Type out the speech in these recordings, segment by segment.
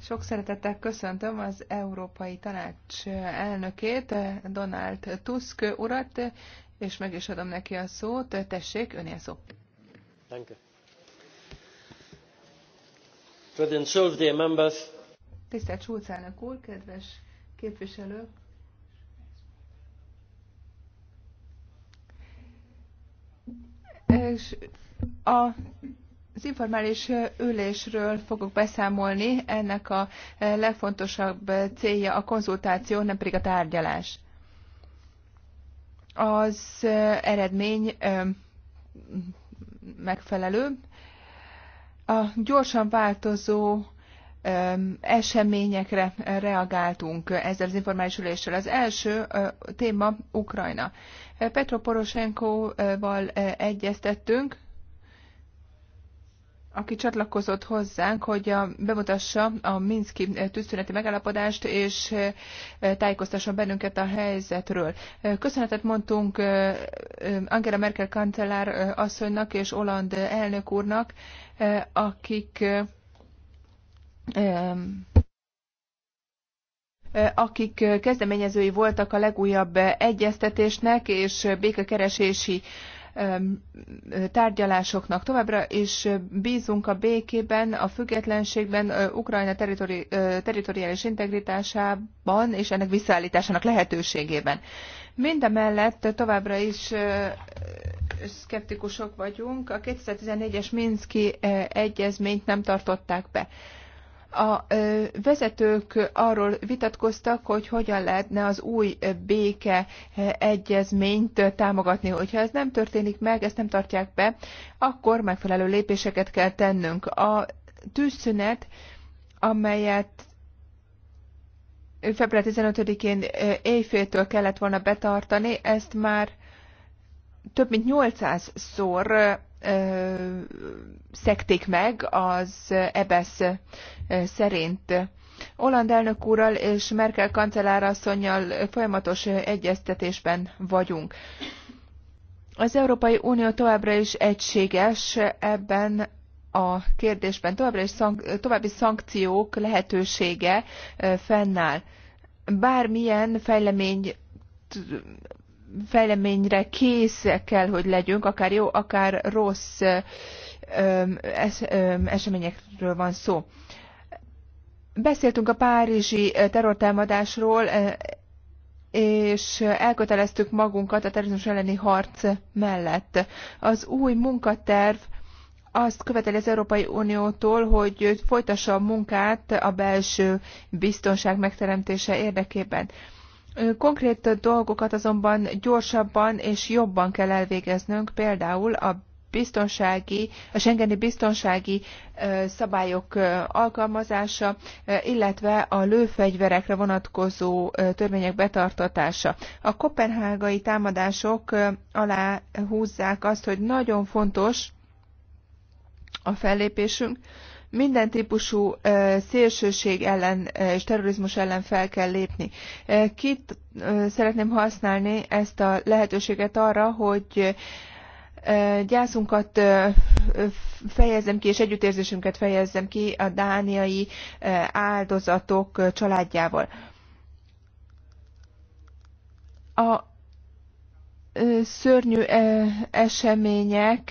Sok szeretettel köszöntöm az Európai Tanács elnökét, Donald Tusk urat, és meg is adom neki a szót. Tessék, önél szó. Tisztelt Schulz elnök úr, kedves képviselő. És a az informális ülésről fogok beszámolni, ennek a e, legfontosabb célja a konzultáció, nem pedig a tárgyalás. Az e, eredmény e, megfelelő. A gyorsan változó eseményekre reagáltunk ezzel az informális üléssel. Az első téma Ukrajna. Petro Poroshenkoval egyeztettünk, aki csatlakozott hozzánk, hogy a, bemutassa a Minszki tűzszüneti megállapodást, és tájékoztasson bennünket a helyzetről. Köszönetet mondtunk Angela Merkel kancellár asszonynak és Oland elnök úrnak, akik akik kezdeményezői voltak a legújabb egyeztetésnek és békekeresési tárgyalásoknak. Továbbra is bízunk a békében, a függetlenségben, Ukrajna teritori, teritoriális integritásában és ennek visszaállításának lehetőségében. Mindemellett továbbra is szkeptikusok vagyunk. A 2014-es Minszki egyezményt nem tartották be. A vezetők arról vitatkoztak, hogy hogyan lehetne az új béke egyezményt támogatni. Hogyha ez nem történik meg, ezt nem tartják be, akkor megfelelő lépéseket kell tennünk. A tűzszünet, amelyet február 15-én éjféltől kellett volna betartani, ezt már több mint 800-szor szekték meg az EBSZ szerint. Holland elnök úrral és Merkel kancellárasszonynal folyamatos egyeztetésben vagyunk. Az Európai Unió továbbra is egységes ebben a kérdésben. Továbbra is szank- további szankciók lehetősége fennáll. Bármilyen fejlemény fejleményre kész kell, hogy legyünk, akár jó, akár rossz eseményekről van szó. Beszéltünk a párizsi terrortámadásról, és elköteleztük magunkat a terrorizmus elleni harc mellett. Az új munkaterv azt követeli az Európai Uniótól, hogy folytassa a munkát a belső biztonság megteremtése érdekében. Konkrét dolgokat azonban gyorsabban és jobban kell elvégeznünk, például a biztonsági, a Schengeni biztonsági szabályok alkalmazása, illetve a lőfegyverekre vonatkozó törvények betartatása. A kopenhágai támadások alá húzzák azt, hogy nagyon fontos a fellépésünk, minden típusú szélsőség ellen és terrorizmus ellen fel kell lépni. Kit szeretném használni ezt a lehetőséget arra, hogy gyászunkat fejezzem ki, és együttérzésünket fejezzem ki a dániai áldozatok családjával. A szörnyű események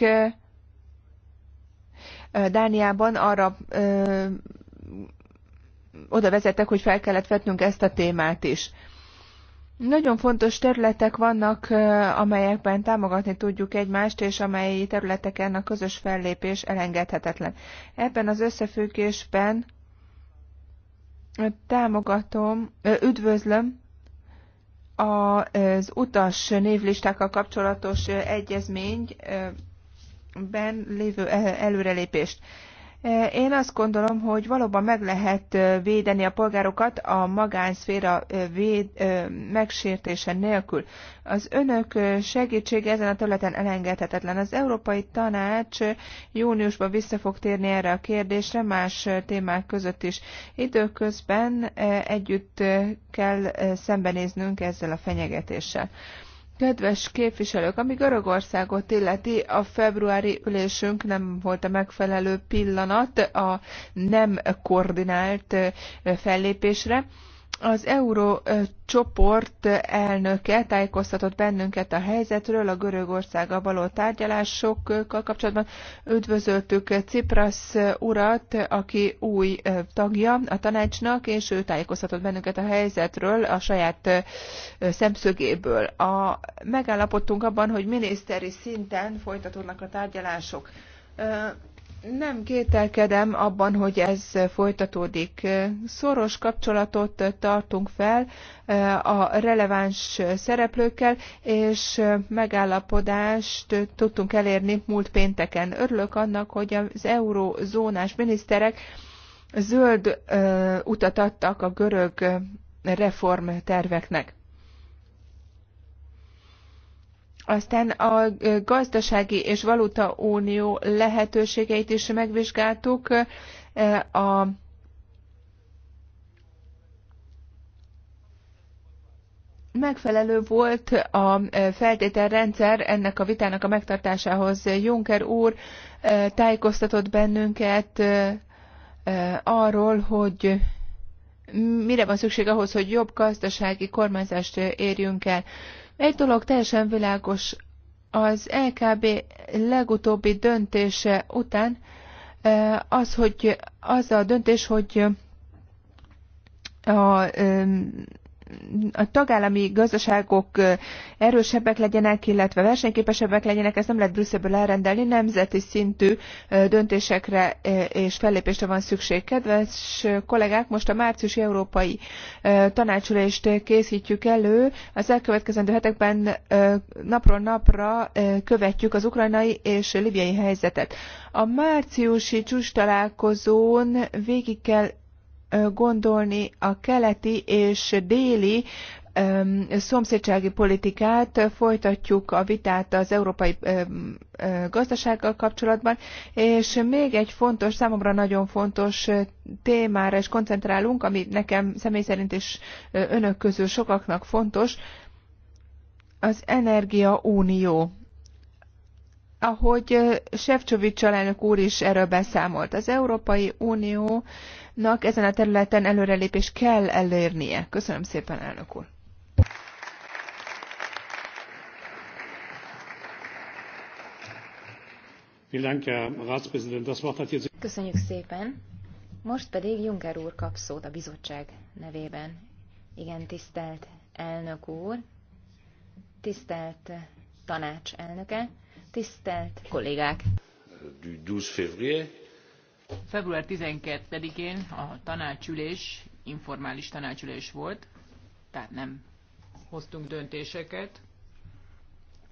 Dániában arra ö, oda vezettek, hogy fel kellett vetnünk ezt a témát is. Nagyon fontos területek vannak, amelyekben támogatni tudjuk egymást, és amely területeken a közös fellépés elengedhetetlen. Ebben az összefüggésben támogatom, üdvözlöm az utas névlistákkal kapcsolatos egyezmény ben lévő e, előrelépést. E, én azt gondolom, hogy valóban meg lehet e, védeni a polgárokat a magánszféra véd, megsértése nélkül. Az önök segítsége ezen a területen elengedhetetlen. Az Európai Tanács júniusban vissza fog térni erre a kérdésre, más témák között is. Időközben együtt kell szembenéznünk ezzel a fenyegetéssel. Kedves képviselők, ami Görögországot illeti, a februári ülésünk nem volt a megfelelő pillanat a nem koordinált eh, fellépésre. Az Euró csoport elnöke tájékoztatott bennünket a helyzetről, a Görögországgal való tárgyalásokkal kapcsolatban. Üdvözöltük Cipras urat, aki új tagja a tanácsnak, és ő tájékoztatott bennünket a helyzetről a saját szemszögéből. A, megállapodtunk abban, hogy miniszteri szinten folytatódnak a tárgyalások nem kételkedem abban, hogy ez folytatódik. Szoros kapcsolatot tartunk fel eh, a releváns szereplőkkel, és megállapodást tudtunk elérni múlt pénteken. Örülök annak, hogy az eurózónás miniszterek zöld eh, utat adtak a görög reformterveknek. Aztán a gazdasági és valutaunió lehetőségeit is megvizsgáltuk. A megfelelő volt a feltételrendszer ennek a vitának a megtartásához. Juncker úr tájékoztatott bennünket arról, hogy mire van szükség ahhoz, hogy jobb gazdasági kormányzást érjünk el. Egy dolog teljesen világos, az LKB legutóbbi döntése után e, az, hogy az a döntés, hogy a e, a tagállami gazdaságok erősebbek legyenek, illetve versenyképesebbek legyenek, ez nem lehet Brüsszelből elrendelni, nemzeti szintű döntésekre és fellépésre van szükség. Kedves kollégák, most a márciusi európai tanácsülést készítjük elő. Az elkövetkezendő hetekben napról napra követjük az ukrajnai és libiai helyzetet. A márciusi csúcs találkozón végig kell gondolni a keleti és déli szomszédsági politikát, folytatjuk a vitát az európai gazdasággal kapcsolatban, és még egy fontos, számomra nagyon fontos témára is koncentrálunk, ami nekem személy szerint is önök közül sokaknak fontos, az Energia Unió. Ahogy Sefcsovics alelnök úr is erről beszámolt, az Európai Unió nak ezen a területen előrelépés kell elérnie. Köszönöm szépen, elnök úr. Köszönjük szépen. Most pedig Juncker úr kap szót a bizottság nevében. Igen, tisztelt elnök úr, tisztelt tanács elnöke, tisztelt kollégák. 12 février Február 12-én a tanácsülés, informális tanácsülés volt, tehát nem hoztunk döntéseket.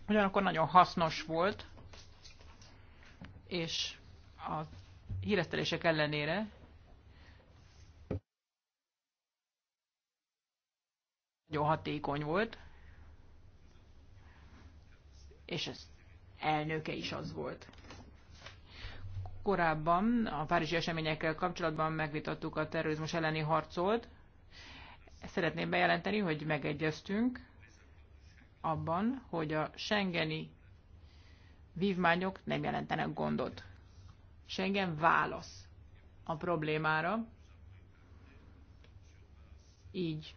Ugyanakkor nagyon hasznos volt, és a híresztelések ellenére nagyon hatékony volt, és ez elnöke is az volt korábban a párizsi eseményekkel kapcsolatban megvitattuk a terrorizmus elleni harcot. Szeretném bejelenteni, hogy megegyeztünk abban, hogy a Schengeni vívmányok nem jelentenek gondot. Schengen válasz a problémára, így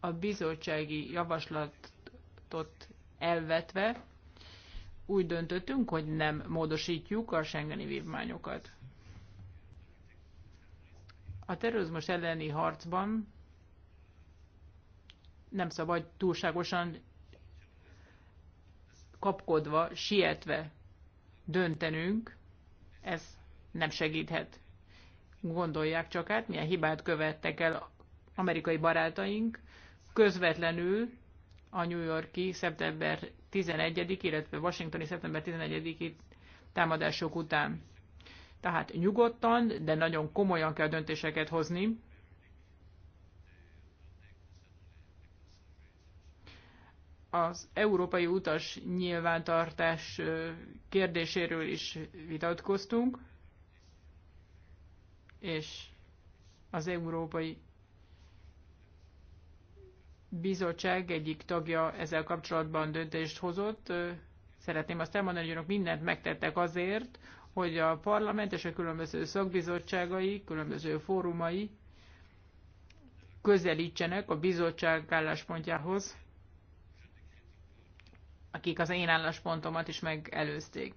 a bizottsági javaslatot elvetve úgy döntöttünk, hogy nem módosítjuk a Schengeni vívmányokat. A terrorizmus elleni harcban nem szabad túlságosan kapkodva, sietve döntenünk, ez nem segíthet. Gondolják csak át, milyen hibát követtek el amerikai barátaink, közvetlenül a New Yorki szeptember 11 illetve washingtoni szeptember 11-i támadások után. Tehát nyugodtan, de nagyon komolyan kell döntéseket hozni. Az európai utas nyilvántartás kérdéséről is vitatkoztunk, és az európai bizottság egyik tagja ezzel kapcsolatban döntést hozott. Szeretném azt elmondani, hogy önök mindent megtettek azért, hogy a parlament és a különböző szakbizottságai, különböző fórumai közelítsenek a bizottság álláspontjához, akik az én álláspontomat is megelőzték.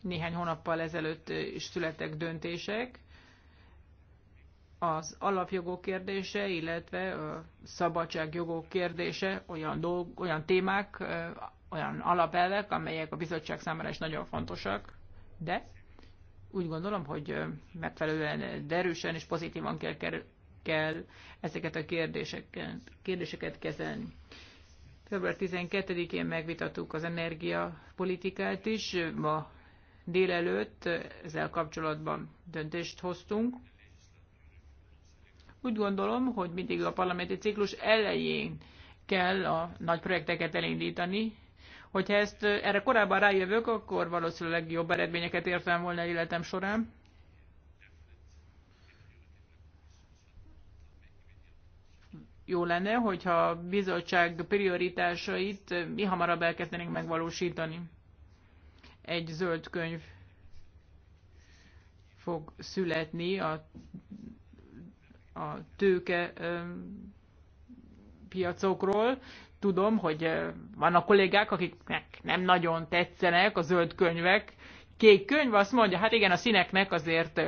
Néhány hónappal ezelőtt is születtek döntések, az alapjogok kérdése, illetve a szabadságjogok kérdése olyan, dolg, olyan témák, olyan alapelvek, amelyek a bizottság számára is nagyon fontosak, de úgy gondolom, hogy megfelelően derűsen és pozitívan kell, kell ezeket a kérdéseket, kérdéseket kezelni. Február 12-én megvitattuk az energiapolitikát is, ma délelőtt ezzel kapcsolatban döntést hoztunk. Úgy gondolom, hogy mindig a parlamenti ciklus elején kell a nagy projekteket elindítani. Hogyha ezt erre korábban rájövök, akkor valószínűleg jobb eredményeket értem volna életem során. Jó lenne, hogyha a bizottság prioritásait mi hamarabb elkezdenénk megvalósítani. Egy zöld könyv fog születni a a tőke piacokról. Tudom, hogy vannak kollégák, akiknek nem nagyon tetszenek a zöld könyvek. Kék könyv azt mondja, hát igen, a színeknek azért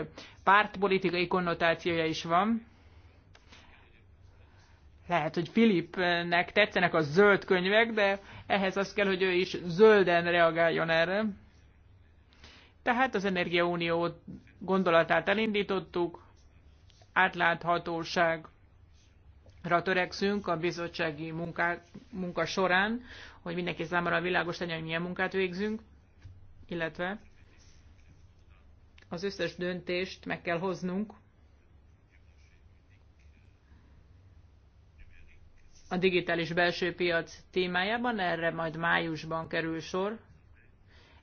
pártpolitikai konnotációja is van. Lehet, hogy Filipnek tetszenek a zöld könyvek, de ehhez azt kell, hogy ő is zölden reagáljon erre. Tehát az Energiaunió gondolatát elindítottuk, átláthatóságra törekszünk a bizottsági munká, munka során, hogy mindenki számára világos legyen, hogy milyen munkát végzünk, illetve az összes döntést meg kell hoznunk a digitális belső piac témájában, erre majd májusban kerül sor.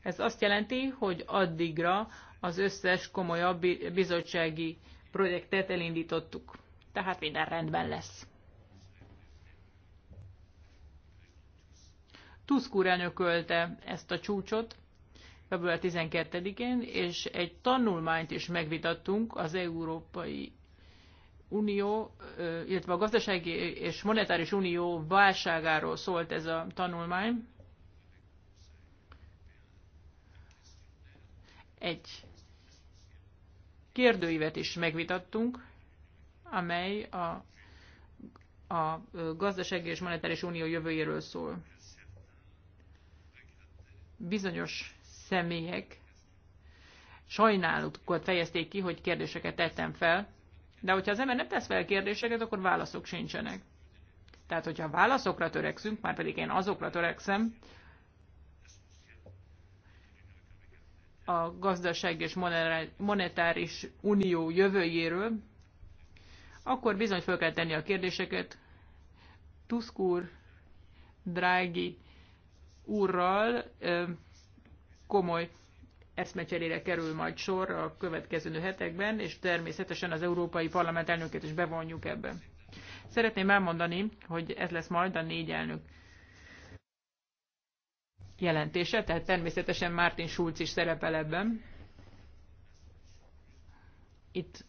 Ez azt jelenti, hogy addigra az összes komolyabb bizottsági projektet elindítottuk. Tehát minden rendben lesz. Tusk úr elnökölte ezt a csúcsot február 12-én, és egy tanulmányt is megvitattunk az Európai Unió, illetve a Gazdasági és Monetáris Unió válságáról szólt ez a tanulmány. Egy kérdőívet is megvitattunk, amely a, a gazdasági és monetáris unió jövőjéről szól. Bizonyos személyek sajnálatukat fejezték ki, hogy kérdéseket tettem fel, de hogyha az ember nem tesz fel kérdéseket, akkor válaszok sincsenek. Tehát, hogyha válaszokra törekszünk, már pedig én azokra törekszem, a gazdaság és monetáris unió jövőjéről, akkor bizony fel kell tenni a kérdéseket Tusk úr, Drági úrral komoly eszmecserére kerül majd sor a következő hetekben, és természetesen az Európai Parlament elnökét is bevonjuk ebbe. Szeretném elmondani, hogy ez lesz majd a négy elnök jelentése, tehát természetesen Martin Schulz is szerepel ebben. Itt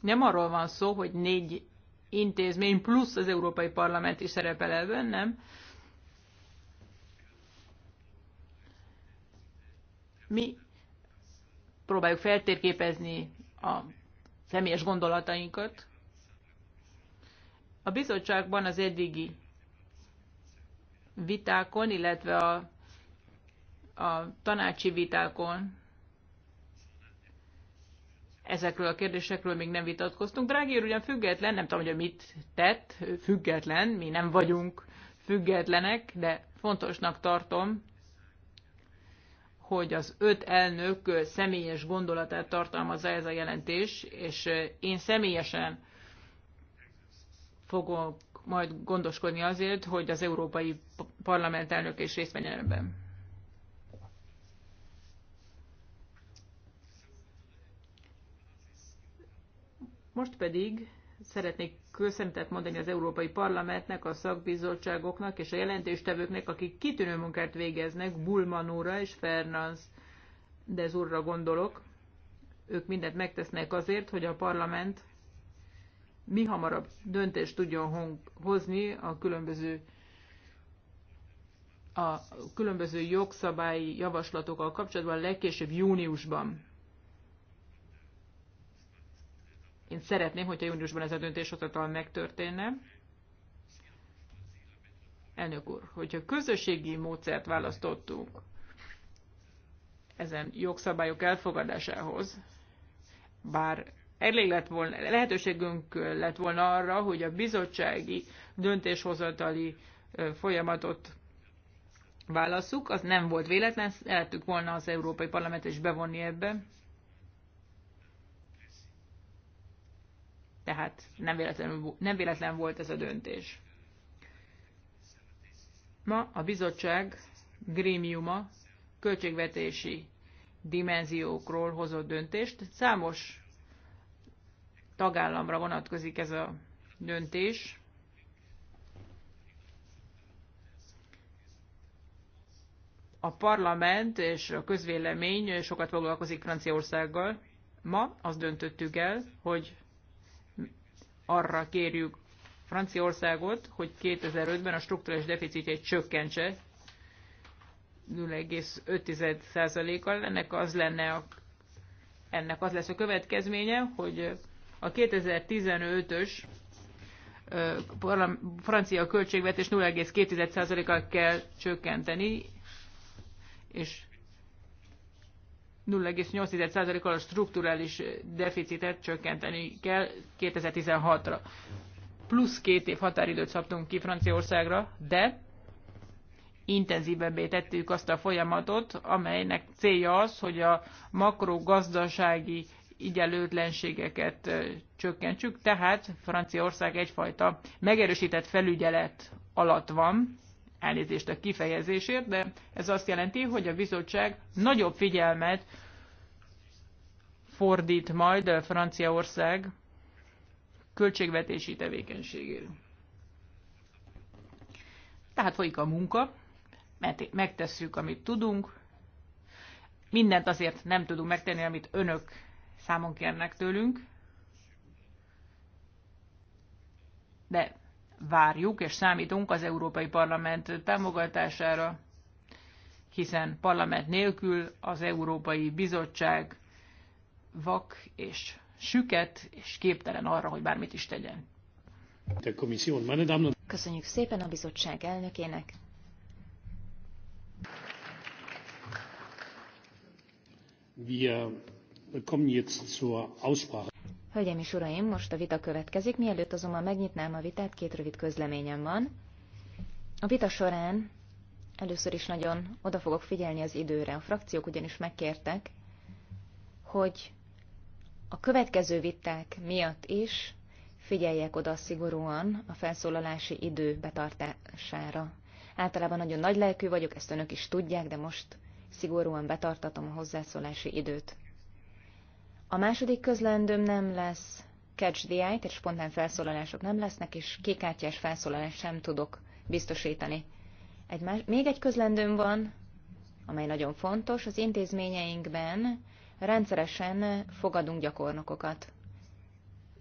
nem arról van szó, hogy négy intézmény plusz az Európai Parlament is szerepel ebben, nem? Mi próbáljuk feltérképezni a személyes gondolatainkat. A bizottságban az eddigi vitákon, illetve a, a tanácsi vitákon ezekről a kérdésekről még nem vitatkoztunk. Drági úr ugyan független, nem tudom, hogy mit tett, független, mi nem vagyunk függetlenek, de fontosnak tartom, hogy az öt elnök személyes gondolatát tartalmazza ez a jelentés, és én személyesen fogok majd gondoskodni azért, hogy az Európai Parlament elnök is részt menjen ebben. Most pedig szeretnék köszöntet mondani az Európai Parlamentnek, a szakbizottságoknak és a jelentéstevőknek, akik kitűnő munkát végeznek, Bulmanóra és Fernanz de úrra gondolok. Ők mindent megtesznek azért, hogy a parlament mi hamarabb döntést tudjon hozni a különböző a különböző jogszabályi javaslatokkal kapcsolatban legkésőbb júniusban. Én szeretném, hogyha júniusban ez a döntés döntéshozatal megtörténne. Elnök úr, hogyha közösségi módszert választottunk ezen jogszabályok elfogadásához, bár elég lett volna, lehetőségünk lett volna arra, hogy a bizottsági döntéshozatali folyamatot válaszuk, az nem volt véletlen, szerettük volna az Európai Parlament is bevonni ebbe. Tehát nem, véletlen, nem véletlen volt ez a döntés. Ma a bizottság grémiuma költségvetési dimenziókról hozott döntést. Számos tagállamra vonatkozik ez a döntés. A parlament és a közvélemény sokat foglalkozik Franciaországgal. Ma azt döntöttük el, hogy arra kérjük Franciaországot, hogy 2005-ben a struktúrális deficitjét csökkentse 0,5%-kal. Ennek az lenne a, ennek az lesz a következménye, hogy a 2015-ös francia költségvetés 0,2%-kal kell csökkenteni, és 0,8%-kal a strukturális deficitet csökkenteni kell 2016-ra. Plusz két év határidőt szabtunk ki Franciaországra, de intenzívebbé tettük azt a folyamatot, amelynek célja az, hogy a makrogazdasági igyelődlenségeket csökkentsük, tehát Franciaország egyfajta megerősített felügyelet alatt van, elnézést a kifejezésért, de ez azt jelenti, hogy a bizottság nagyobb figyelmet fordít majd Franciaország költségvetési tevékenységére. Tehát folyik a munka, mert megtesszük, amit tudunk, mindent azért nem tudunk megtenni, amit önök számon kérnek tőlünk, de várjuk és számítunk az Európai Parlament támogatására, hiszen parlament nélkül az Európai Bizottság vak és süket, és képtelen arra, hogy bármit is tegyen. Köszönjük szépen a bizottság elnökének. Wir Hölgyeim és uraim, most a vita következik, mielőtt azonban megnyitnám a vitát, két rövid közleményem van. A vita során először is nagyon oda fogok figyelni az időre. A frakciók ugyanis megkértek, hogy a következő viták miatt is figyeljek oda szigorúan a felszólalási idő betartására. Általában nagyon nagy lelkű vagyok, ezt önök is tudják, de most szigorúan betartatom a hozzászólási időt. A második közlendőm nem lesz catch the eye, tehát spontán felszólalások nem lesznek, és kékártyás felszólalás sem tudok biztosítani. Egy más, még egy közlendőm van, amely nagyon fontos, az intézményeinkben rendszeresen fogadunk gyakornokokat.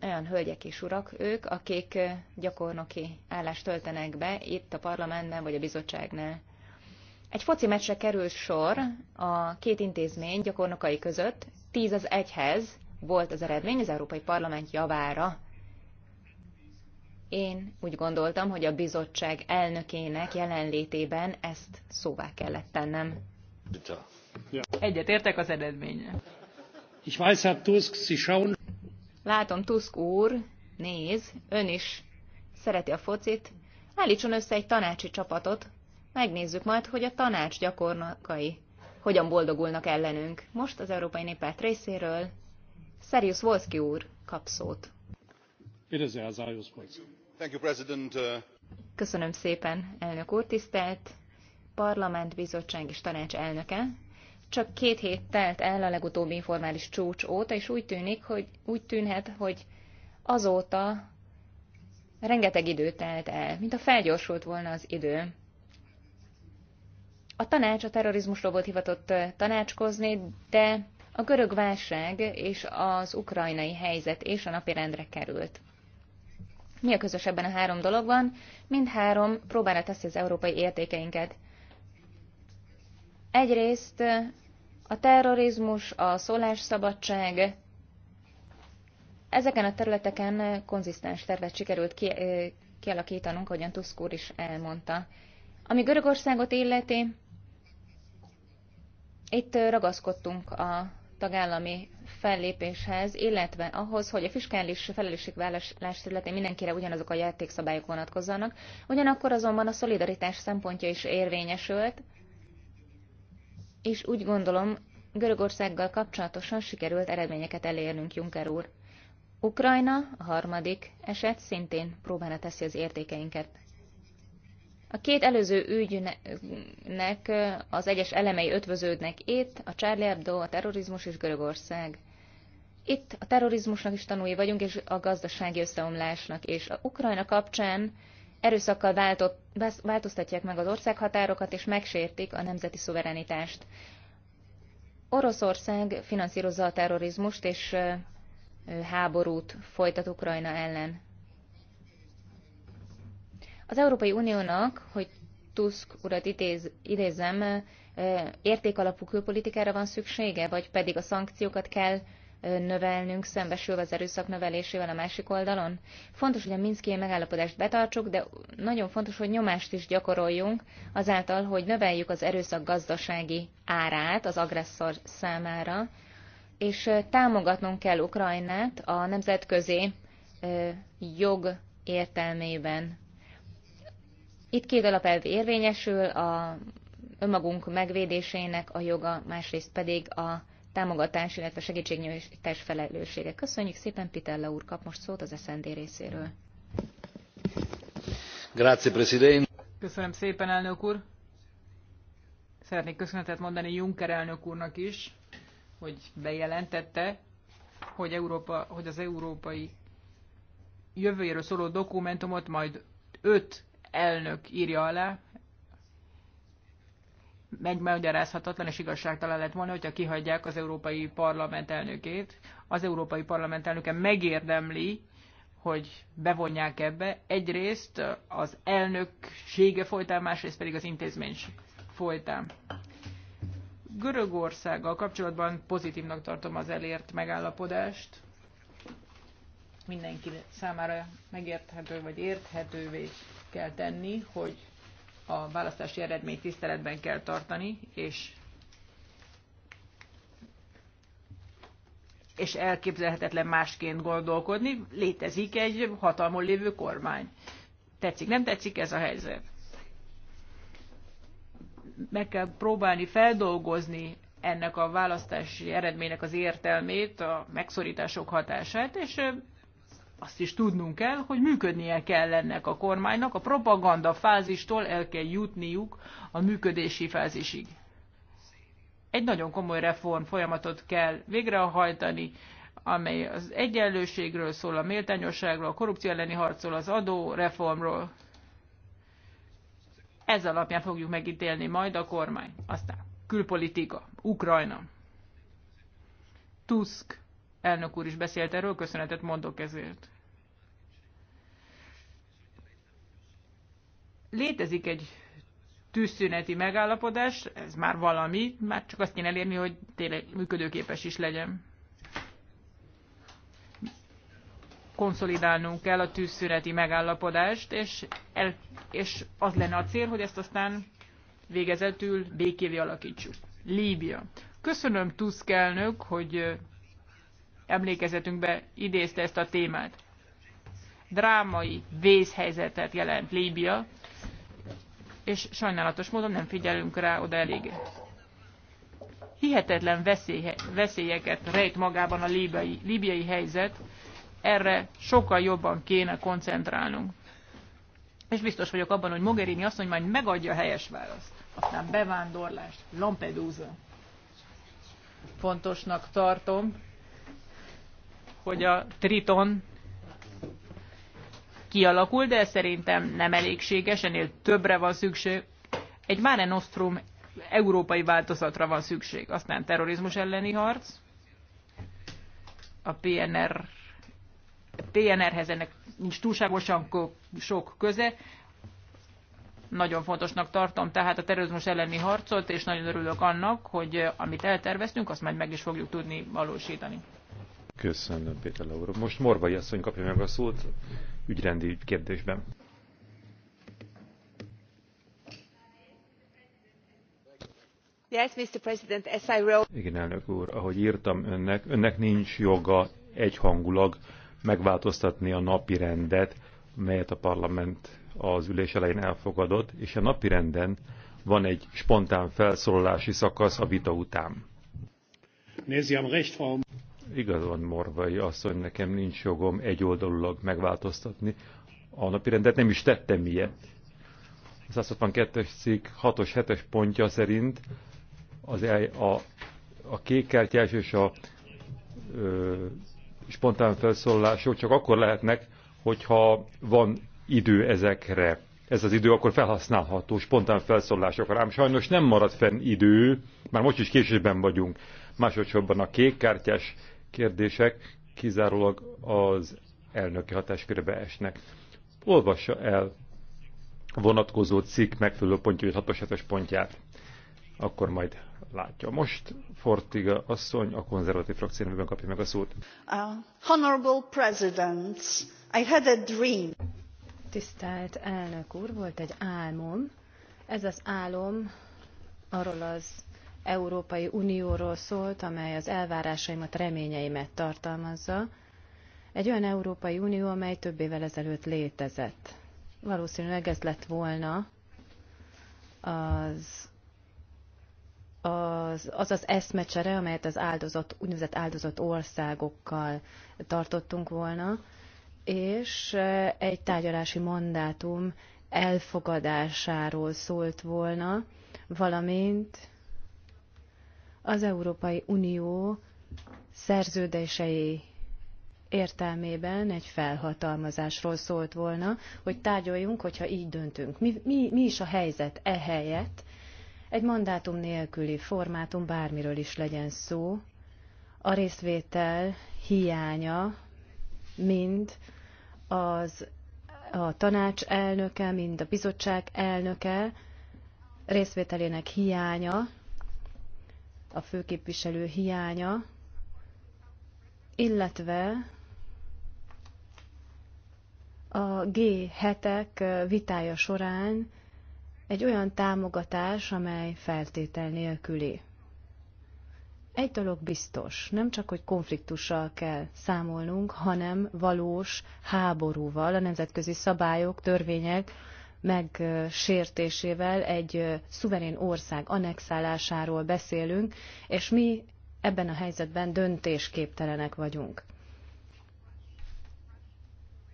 Olyan hölgyek és urak ők, akik gyakornoki állást töltenek be itt a parlamentben vagy a bizottságnál. Egy foci meccsre kerül sor a két intézmény gyakornokai között, 10 az 1-hez volt az eredmény az Európai Parlament javára. Én úgy gondoltam, hogy a bizottság elnökének jelenlétében ezt szóvá kellett tennem. Egyet értek az eredménye. Ich weiß, Herr Tusk, Sie schauen. Látom, Tusk úr, néz, ön is szereti a focit. Állítson össze egy tanácsi csapatot, megnézzük majd, hogy a tanács gyakornokai hogyan boldogulnak ellenünk. Most az Európai Néppárt részéről Szerius Volszki úr kap szót. Uh, Köszönöm szépen, elnök úr, tisztelt parlament, bizottság és tanács elnöke. Csak két hét telt el a legutóbbi informális csúcs óta, és úgy tűnik, hogy úgy tűnhet, hogy azóta rengeteg idő telt el, mint a felgyorsult volna az idő. A tanács a terrorizmusról volt hivatott tanácskozni, de a görög válság és az ukrajnai helyzet és a napirendre került. Mi a közös ebben a három dologban? Mindhárom próbára teszi az európai értékeinket. Egyrészt a terrorizmus, a szólásszabadság, ezeken a területeken konzisztens tervet sikerült ki, kialakítanunk, ahogyan Tusk úr is elmondta. Ami Görögországot illeti, itt ragaszkodtunk a tagállami fellépéshez, illetve ahhoz, hogy a fiskális felelősségvállalás területén mindenkire ugyanazok a játékszabályok vonatkozzanak, ugyanakkor azonban a szolidaritás szempontja is érvényesült, és úgy gondolom, Görögországgal kapcsolatosan sikerült eredményeket elérnünk, Juncker úr. Ukrajna, a harmadik eset, szintén próbára teszi az értékeinket a két előző ügynek az egyes elemei ötvöződnek itt, a Charlie Hebdo, a terrorizmus és Görögország. Itt a terrorizmusnak is tanúi vagyunk, és a gazdasági összeomlásnak, és a Ukrajna kapcsán erőszakkal váltott, változtatják meg az országhatárokat, és megsértik a nemzeti szuverenitást. Oroszország finanszírozza a terrorizmust, és háborút folytat Ukrajna ellen. Az Európai Uniónak, hogy Tusk urat idéz, idézem, értékalapú külpolitikára van szüksége, vagy pedig a szankciókat kell növelnünk, szembesülve az erőszak növelésével a másik oldalon? Fontos, hogy a Minszki megállapodást betartsuk, de nagyon fontos, hogy nyomást is gyakoroljunk azáltal, hogy növeljük az erőszak gazdasági árát az agresszor számára, és támogatnunk kell Ukrajnát a nemzetközi jog értelmében. Itt két alapelv érvényesül, a önmagunk megvédésének a joga, másrészt pedig a támogatás, illetve segítségnyújtás felelőssége. Köszönjük szépen, Pitella úr kap most szót az SND részéről. Grazie, President. Köszönöm szépen, elnök úr. Szeretnék köszönetet mondani Juncker elnök úrnak is, hogy bejelentette, hogy, Európa, hogy az európai jövőjéről szóló dokumentumot majd öt elnök írja alá, megmagyarázhatatlan és igazságtalan lett volna, hogyha kihagyják az Európai Parlament elnökét. Az Európai Parlament elnöke megérdemli, hogy bevonják ebbe. Egyrészt az elnöksége folytán, másrészt pedig az intézmény folytán. Görögországgal kapcsolatban pozitívnak tartom az elért megállapodást. Mindenki számára megérthető vagy érthetővé kell tenni, hogy a választási eredményt tiszteletben kell tartani, és és elképzelhetetlen másként gondolkodni, létezik egy hatalmon lévő kormány. Tetszik, nem tetszik ez a helyzet. Meg kell próbálni feldolgozni ennek a választási eredménynek az értelmét, a megszorítások hatását, és azt is tudnunk kell, hogy működnie kell ennek a kormánynak, a propaganda fázistól el kell jutniuk a működési fázisig. Egy nagyon komoly reform folyamatot kell végrehajtani, amely az egyenlőségről szól, a méltányosságról, a korrupció elleni harcról, az adóreformról. Ez alapján fogjuk megítélni majd a kormány. Aztán külpolitika, Ukrajna. Tusk elnök úr is beszélt erről, köszönetet mondok ezért. Létezik egy tűzszüneti megállapodás, ez már valami, már csak azt kéne elérni, hogy tényleg működőképes is legyen. Konszolidálnunk kell a tűzszüneti megállapodást, és, el, és az lenne a cél, hogy ezt aztán végezetül békévé alakítsuk. Líbia. Köszönöm Tusk elnök, hogy emlékezetünkbe idézte ezt a témát. Drámai vészhelyzetet jelent Líbia, és sajnálatos módon nem figyelünk rá oda elég. Hihetetlen veszélyeket rejt magában a líbiai, líbiai helyzet, erre sokkal jobban kéne koncentrálnunk. És biztos vagyok abban, hogy Mogherini azt mondja, majd megadja a helyes választ. Aztán bevándorlást, Lampedusa. Fontosnak tartom, hogy a Triton kialakul, de ez szerintem nem elégséges, ennél többre van szükség. Egy Mare Nostrum európai változatra van szükség. Aztán terrorizmus elleni harc, a PNR, PNR-hez ennek nincs túlságosan sok köze, nagyon fontosnak tartom tehát a terrorizmus elleni harcot, és nagyon örülök annak, hogy amit elterveztünk, azt majd meg is fogjuk tudni valósítani. Köszönöm, Péter Laura. Most Morvai asszony kapja meg a szót ügyrendi kérdésben. Yes, Mr. President, as I wrote... Igen, elnök úr, ahogy írtam önnek, önnek nincs joga egyhangulag megváltoztatni a napi rendet, melyet a parlament az ülés elején elfogadott, és a napi renden van egy spontán felszólalási szakasz a vita után van, morvai asszony, nekem nincs jogom egyoldalulag megváltoztatni a napirendet, nem is tettem ilyet. A 162-es cikk 6-os, 7-es pontja szerint az el, a, a kékkártyás és a ö, spontán felszólalások csak akkor lehetnek, hogyha van idő ezekre. Ez az idő akkor felhasználható spontán felszólalások rám. sajnos nem marad fenn idő, már most is későbben vagyunk. Másodszorban a kékkártyás kérdések kizárólag az elnöki hatáskörbe esnek. Olvassa el a vonatkozó cikk megfelelő pontja, vagy 6 pontját, akkor majd látja. Most Fortiga asszony a konzervatív frakcióban kapja meg a szót. Uh, honorable President, I had a dream. Tisztelt elnök úr, volt egy álmom. Ez az álom arról az Európai Unióról szólt, amely az elvárásaimat, reményeimet tartalmazza. Egy olyan Európai Unió, amely több évvel ezelőtt létezett. Valószínűleg ez lett volna az az, az az eszmecsere, amelyet az áldozat, úgynevezett áldozat országokkal tartottunk volna, és egy tárgyalási mandátum elfogadásáról szólt volna, valamint az Európai Unió szerződései értelmében egy felhatalmazásról szólt volna, hogy tárgyaljunk, hogyha így döntünk. Mi, mi, mi is a helyzet e helyett? Egy mandátum nélküli formátum bármiről is legyen szó, a részvétel hiánya mind az a tanács elnöke, mind a bizottság elnöke részvételének hiánya a főképviselő hiánya, illetve a G7-ek vitája során egy olyan támogatás, amely feltétel nélküli. Egy dolog biztos, nem csak, hogy konfliktussal kell számolnunk, hanem valós háborúval, a nemzetközi szabályok, törvények, megsértésével egy szuverén ország annexálásáról beszélünk, és mi ebben a helyzetben döntésképtelenek vagyunk.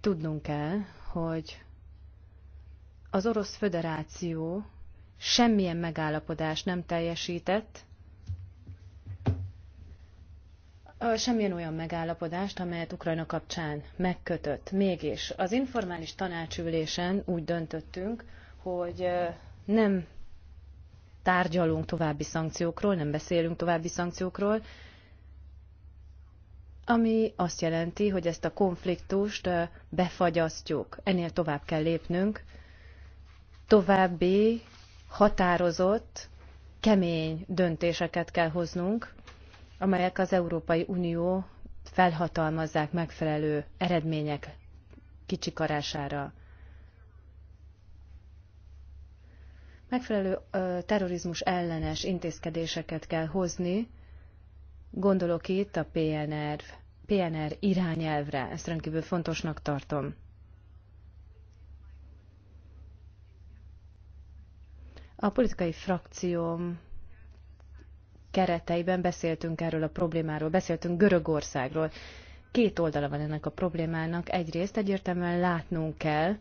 Tudnunk kell, hogy az Orosz Föderáció semmilyen megállapodást nem teljesített, semmilyen olyan megállapodást, amelyet Ukrajna kapcsán megkötött. Mégis az informális tanácsülésen úgy döntöttünk, hogy nem tárgyalunk további szankciókról, nem beszélünk további szankciókról, ami azt jelenti, hogy ezt a konfliktust befagyasztjuk. Ennél tovább kell lépnünk. További határozott, kemény döntéseket kell hoznunk, amelyek az Európai Unió felhatalmazzák megfelelő eredmények kicsikarására. Megfelelő terrorizmus ellenes intézkedéseket kell hozni, gondolok itt a PNR, PNR irányelvre, ezt rendkívül fontosnak tartom. A politikai frakcióm kereteiben beszéltünk erről a problémáról, beszéltünk Görögországról. Két oldala van ennek a problémának. Egyrészt egyértelműen látnunk kell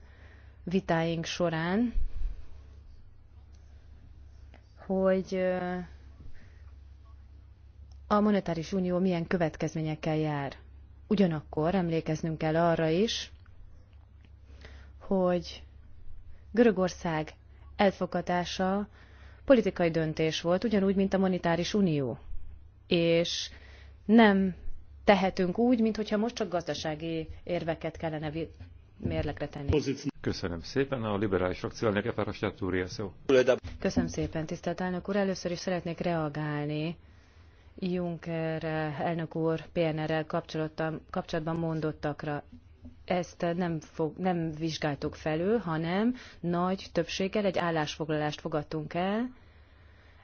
vitáink során, hogy a monetáris unió milyen következményekkel jár. Ugyanakkor emlékeznünk kell arra is, hogy Görögország elfogadása politikai döntés volt, ugyanúgy, mint a monetáris unió. És nem tehetünk úgy, mintha most csak gazdasági érveket kellene mérlekre tenni. Köszönöm szépen. A liberális frakció elnöke Fárastát szó. Köszönöm szépen, tisztelt elnök úr. Először is szeretnék reagálni Juncker eh, elnök úr PNR-rel kapcsolatban mondottakra ezt nem, fog, nem vizsgáltuk felül, hanem nagy többséggel egy állásfoglalást fogadtunk el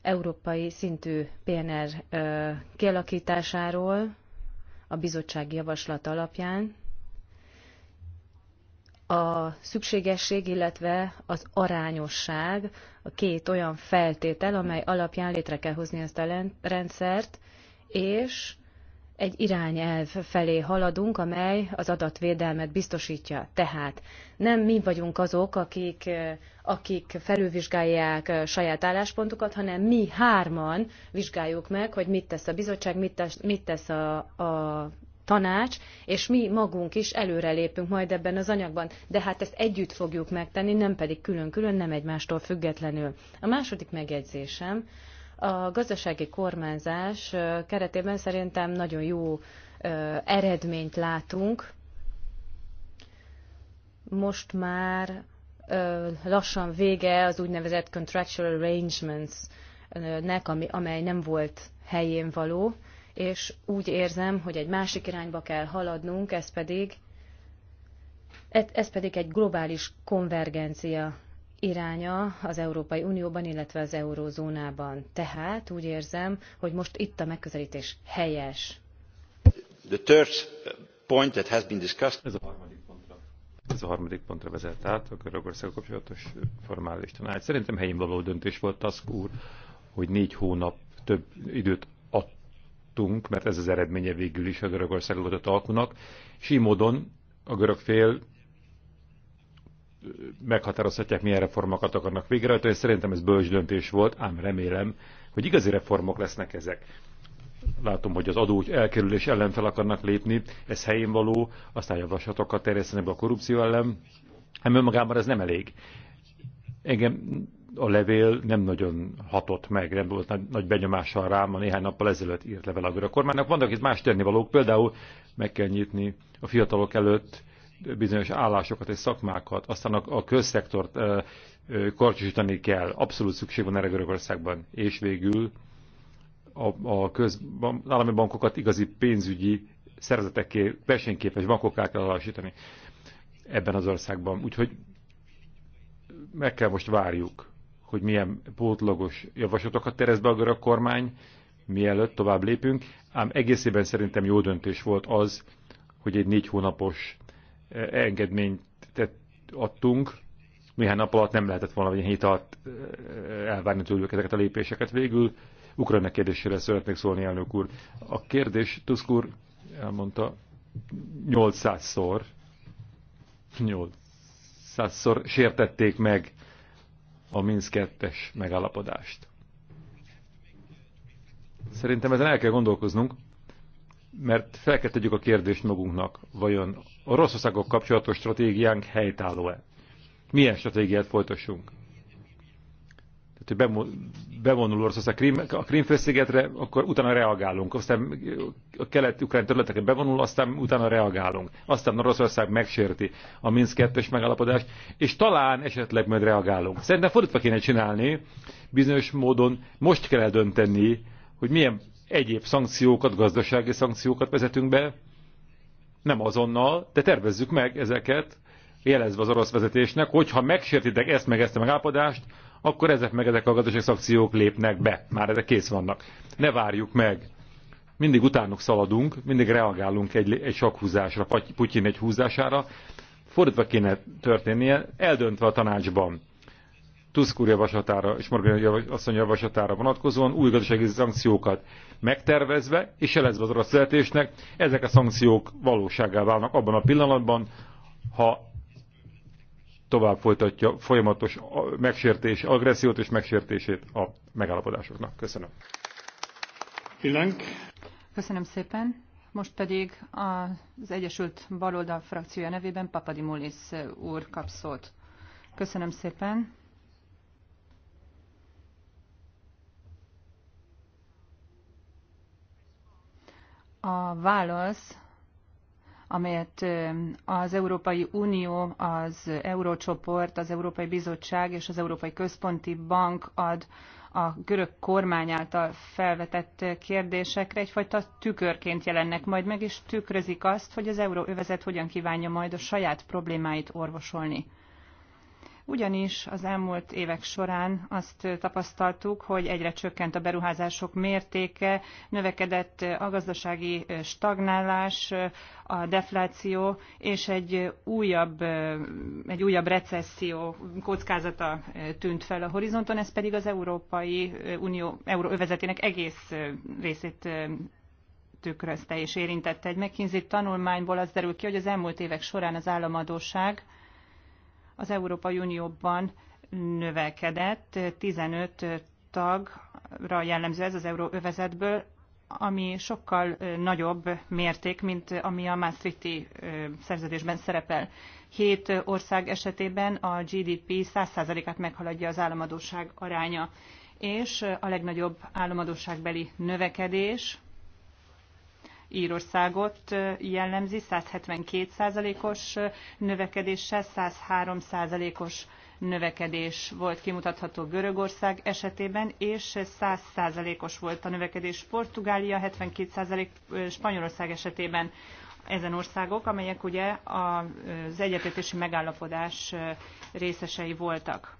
európai szintű PNR ö, kialakításáról a bizottsági javaslat alapján. A szükségesség, illetve az arányosság a két olyan feltétel, amely alapján létre kell hozni ezt a rendszert, és egy irányelv felé haladunk, amely az adatvédelmet biztosítja. Tehát nem mi vagyunk azok, akik, eh, akik felülvizsgálják eh, saját álláspontokat, hanem mi hárman vizsgáljuk meg, hogy mit tesz a bizottság, mit tesz, mit tesz a, a tanács, és mi magunk is előrelépünk majd ebben az anyagban. De hát ezt együtt fogjuk megtenni, nem pedig külön-külön, nem egymástól függetlenül. A második megjegyzésem, a gazdasági kormányzás keretében szerintem nagyon jó eredményt látunk. Most már lassan vége az úgynevezett contractual arrangements-nek, amely nem volt helyén való, és úgy érzem, hogy egy másik irányba kell haladnunk, ez pedig, e, ez pedig egy globális konvergencia iránya az Európai Unióban, illetve az eurózónában. Tehát úgy érzem, hogy most itt a megközelítés helyes. The third point that has been discussed. Ez a harmadik pontra. Ez a harmadik pontra vezet át a Görögország kapcsolatos formális tanács. Szerintem helyén való döntés volt az úr, hogy négy hónap több időt adtunk, mert ez az eredménye végül is a Görögország adott alkunak. És így módon a görög fél meghatározhatják, milyen reformokat akarnak végrehajtani. Szerintem ez bölcs döntés volt, ám remélem, hogy igazi reformok lesznek ezek. Látom, hogy az adó elkerülés ellen fel akarnak lépni, ez helyén való, aztán javaslatokat terjesztenek be a korrupció ellen, ám hát önmagában ez nem elég. Engem a levél nem nagyon hatott meg, nem volt nagy, nagy benyomással rám, a néhány nappal ezelőtt írt level a kormánynak. Vannak itt más tennivalók, például meg kell nyitni a fiatalok előtt bizonyos állásokat és szakmákat, aztán a, a közszektort korcsosítani kell. Abszolút szükség van erre Görögországban. És végül a, a közban, állami bankokat igazi pénzügyi szerzetekké, versenyképes bankokká kell alakítani ebben az országban. Úgyhogy meg kell most várjuk, hogy milyen pótlagos javaslatokat terez be a görög kormány, mielőtt tovább lépünk, ám egészében szerintem jó döntés volt az, hogy egy négy hónapos engedményt adtunk, néhány nap alatt nem lehetett volna egy hét alatt elvárni tőlük ezeket a lépéseket. Végül Ukrajna kérdésére szeretnék szólni, elnök úr. A kérdés, Tusk úr elmondta 800-szor, 800-szor sértették meg a Minsk 2 megállapodást. Szerintem ezen el kell gondolkoznunk, mert fel kell tegyük a kérdést magunknak, vajon Oroszországgal kapcsolatos stratégiánk helytálló-e? Milyen stratégiát folytassunk? Tehát, hogy bevonul Oroszország a Krímfélszigetre, akkor utána reagálunk. Aztán a kelet-ukrán területeken bevonul, aztán utána reagálunk. Aztán Oroszország megsérti a Minsk 2 megállapodást, és talán esetleg majd reagálunk. Szerintem fordítva kéne csinálni, bizonyos módon most kell dönteni, hogy milyen egyéb szankciókat, gazdasági szankciókat vezetünk be, nem azonnal, de tervezzük meg ezeket, jelezve az orosz vezetésnek, hogyha megsértitek ezt meg ezt a megállapodást, akkor ezek meg ezek a gazdasági szankciók lépnek be. Már ezek kész vannak. Ne várjuk meg. Mindig utánuk szaladunk, mindig reagálunk egy, egy sakhúzásra, Putyin egy húzására. Fordítva kéne történnie, eldöntve a tanácsban. Tusk úr javaslatára és Morgan asszony javaslatára vonatkozóan új gazdasági szankciókat megtervezve és jelezve az orosz születésnek, ezek a szankciók valóságá válnak abban a pillanatban, ha tovább folytatja folyamatos megsértés, agressziót és megsértését a megállapodásoknak. Köszönöm. Köszönöm szépen. Most pedig az Egyesült Baloldal frakciója nevében Papadimulis úr kap szót. Köszönöm szépen. A válasz, amelyet az Európai Unió, az Eurócsoport, az Európai Bizottság és az Európai Központi Bank ad a görög kormány által felvetett kérdésekre egyfajta tükörként jelennek majd meg, és tükrözik azt, hogy az euróövezet hogyan kívánja majd a saját problémáit orvosolni ugyanis az elmúlt évek során azt tapasztaltuk, hogy egyre csökkent a beruházások mértéke, növekedett a gazdasági stagnálás, a defláció és egy újabb, egy újabb recesszió kockázata tűnt fel a horizonton, ez pedig az Európai Unió övezetének egész részét tükrözte és érintette. Egy McKinsey tanulmányból az derül ki, hogy az elmúlt évek során az államadóság az Európai Unióban növekedett, 15 tagra jellemző ez az euróövezetből, ami sokkal nagyobb mérték, mint ami a Maastrichti szerződésben szerepel. Hét ország esetében a GDP 100%-át meghaladja az államadóság aránya, és a legnagyobb államadóságbeli növekedés Írországot jellemzi 172%-os növekedéssel, 103%-os növekedés volt kimutatható Görögország esetében, és 100%-os volt a növekedés Portugália, 72% Spanyolország esetében ezen országok, amelyek ugye az egyetértési megállapodás részesei voltak.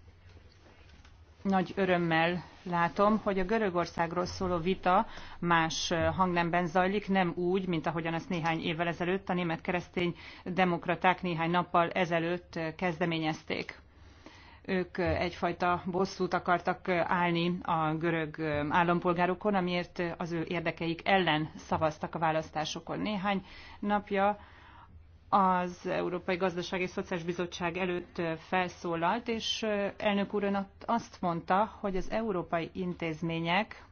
Nagy örömmel látom, hogy a Görögországról szóló vita más hangnemben zajlik, nem úgy, mint ahogyan azt néhány évvel ezelőtt a német keresztény demokraták néhány nappal ezelőtt kezdeményezték. Ők egyfajta bosszút akartak állni a görög állampolgárokon, amiért az ő érdekeik ellen szavaztak a választásokon. Néhány napja az Európai Gazdasági és Szociális Bizottság előtt felszólalt, és elnök úr azt mondta, hogy az európai intézmények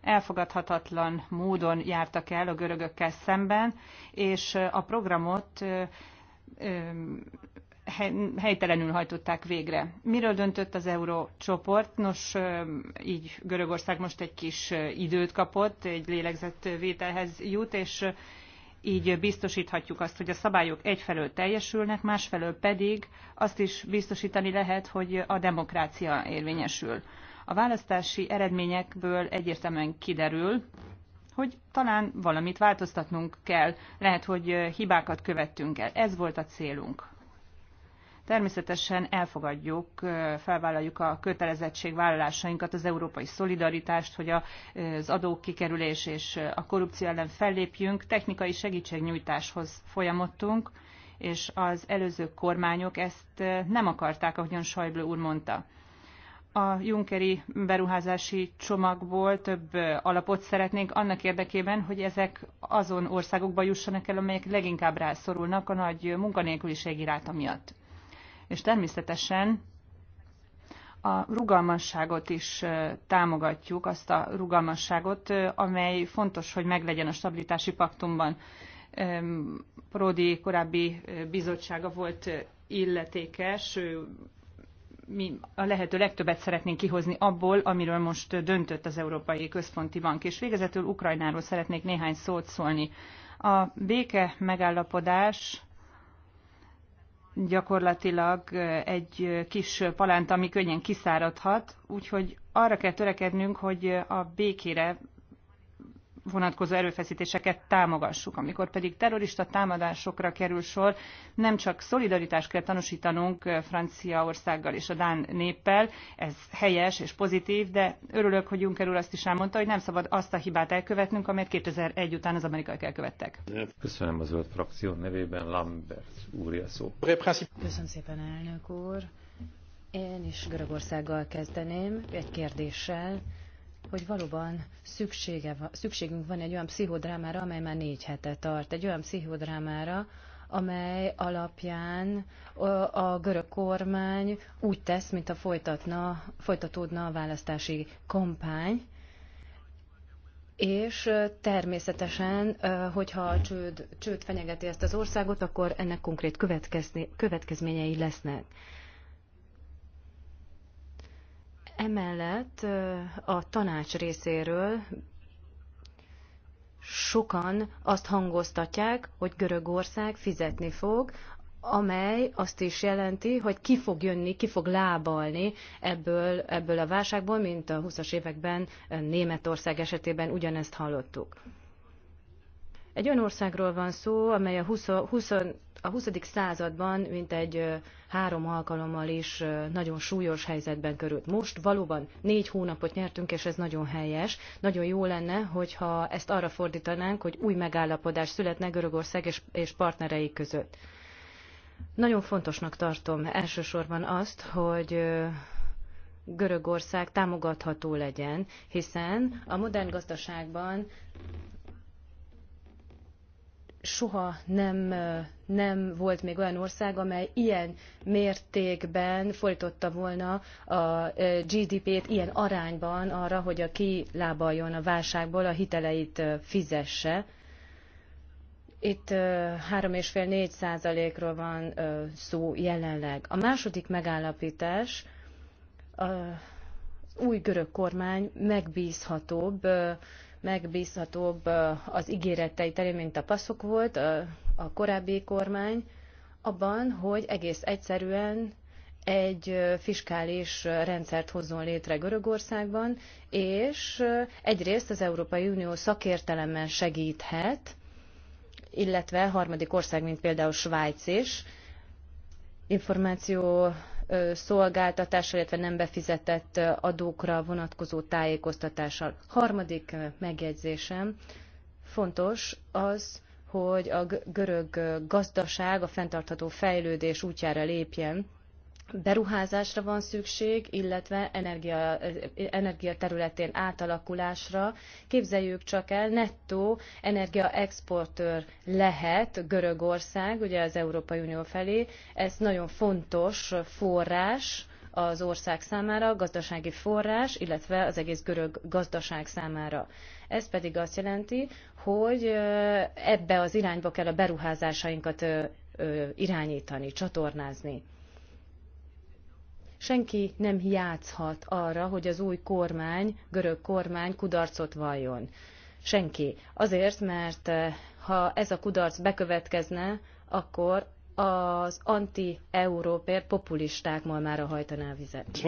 elfogadhatatlan módon jártak el a görögökkel szemben, és a programot helytelenül hajtották végre. Miről döntött az eurócsoport? Nos, így Görögország most egy kis időt kapott, egy lélegzetvételhez jut, és így biztosíthatjuk azt, hogy a szabályok egyfelől teljesülnek, másfelől pedig azt is biztosítani lehet, hogy a demokrácia érvényesül. A választási eredményekből egyértelműen kiderül, hogy talán valamit változtatnunk kell, lehet, hogy hibákat követtünk el. Ez volt a célunk. Természetesen elfogadjuk, felvállaljuk a kötelezettségvállalásainkat, az európai szolidaritást, hogy az adók kikerülés és a korrupció ellen fellépjünk. Technikai segítségnyújtáshoz folyamodtunk, és az előző kormányok ezt nem akarták, ahogyan Sajblő úr mondta. A Junkeri beruházási csomagból több alapot szeretnénk annak érdekében, hogy ezek azon országokba jussanak el, amelyek leginkább rászorulnak a nagy munkanélküliségi ráta miatt és természetesen a rugalmasságot is támogatjuk, azt a rugalmasságot, amely fontos, hogy meglegyen a stabilitási paktumban. Prodi korábbi bizottsága volt illetékes, mi a lehető legtöbbet szeretnénk kihozni abból, amiről most döntött az Európai Központi Bank. És végezetül Ukrajnáról szeretnék néhány szót szólni. A béke megállapodás gyakorlatilag egy kis palánta, ami könnyen kiszáradhat, úgyhogy arra kell törekednünk, hogy a békére vonatkozó erőfeszítéseket támogassuk. Amikor pedig terrorista támadásokra kerül sor, nem csak szolidaritást kell tanúsítanunk eh, Franciaországgal és a Dán néppel, ez helyes és pozitív, de örülök, hogy Juncker úr azt is elmondta, hogy nem szabad azt a hibát elkövetnünk, amelyet 2001 után az amerikaiak elkövettek. Köszönöm az öt frakció nevében, Lambert úr szó. Köszönöm szépen, elnök úr. Én is Görögországgal kezdeném, egy kérdéssel hogy valóban szüksége, szükségünk van egy olyan pszichodrámára, amely már négy hete tart. Egy olyan pszichodrámára, amely alapján a görög kormány úgy tesz, mint a folytatna, folytatódna a választási kampány, és természetesen, hogyha a csőd, csőd fenyegeti ezt az országot, akkor ennek konkrét következményei lesznek. Emellett a tanács részéről sokan azt hangoztatják, hogy Görögország fizetni fog, amely azt is jelenti, hogy ki fog jönni, ki fog lábalni ebből, ebből a válságból, mint a 20-as években Németország esetében ugyanezt hallottuk. Egy olyan országról van szó, amely a 20, 20 a 20. században mint egy három alkalommal is nagyon súlyos helyzetben körült. Most valóban négy hónapot nyertünk, és ez nagyon helyes. Nagyon jó lenne, hogyha ezt arra fordítanánk, hogy új megállapodás születne Görögország és, és partnerei között. Nagyon fontosnak tartom elsősorban azt, hogy Görögország támogatható legyen, hiszen a modern gazdaságban soha nem, nem volt még olyan ország, amely ilyen mértékben folytotta volna a GDP-t ilyen arányban arra, hogy a kilábaljon a válságból, a hiteleit fizesse. Itt 3,5-4 százalékról van szó jelenleg. A második megállapítás, a új görög kormány megbízhatóbb megbízhatóbb az ígéretei terén, mint a PASZOK volt, a korábbi kormány, abban, hogy egész egyszerűen egy fiskális rendszert hozzon létre Görögországban, és egyrészt az Európai Unió szakértelemmel segíthet, illetve harmadik ország, mint például Svájc is, információ szolgáltatásra, illetve nem befizetett adókra vonatkozó tájékoztatással. Harmadik megjegyzésem, fontos az, hogy a görög gazdaság a fenntartható fejlődés útjára lépjen, beruházásra van szükség, illetve energia, energia területén átalakulásra. Képzeljük csak el, nettó energiaexportőr lehet Görögország, ugye az Európai Unió felé. Ez nagyon fontos forrás az ország számára, gazdasági forrás, illetve az egész görög gazdaság számára. Ez pedig azt jelenti, hogy ebbe az irányba kell a beruházásainkat irányítani, csatornázni senki nem játszhat arra, hogy az új kormány, görög kormány kudarcot valljon. Senki. Azért, mert eh, ha ez a kudarc bekövetkezne, akkor az anti-európér populisták ma már hajtaná vizet.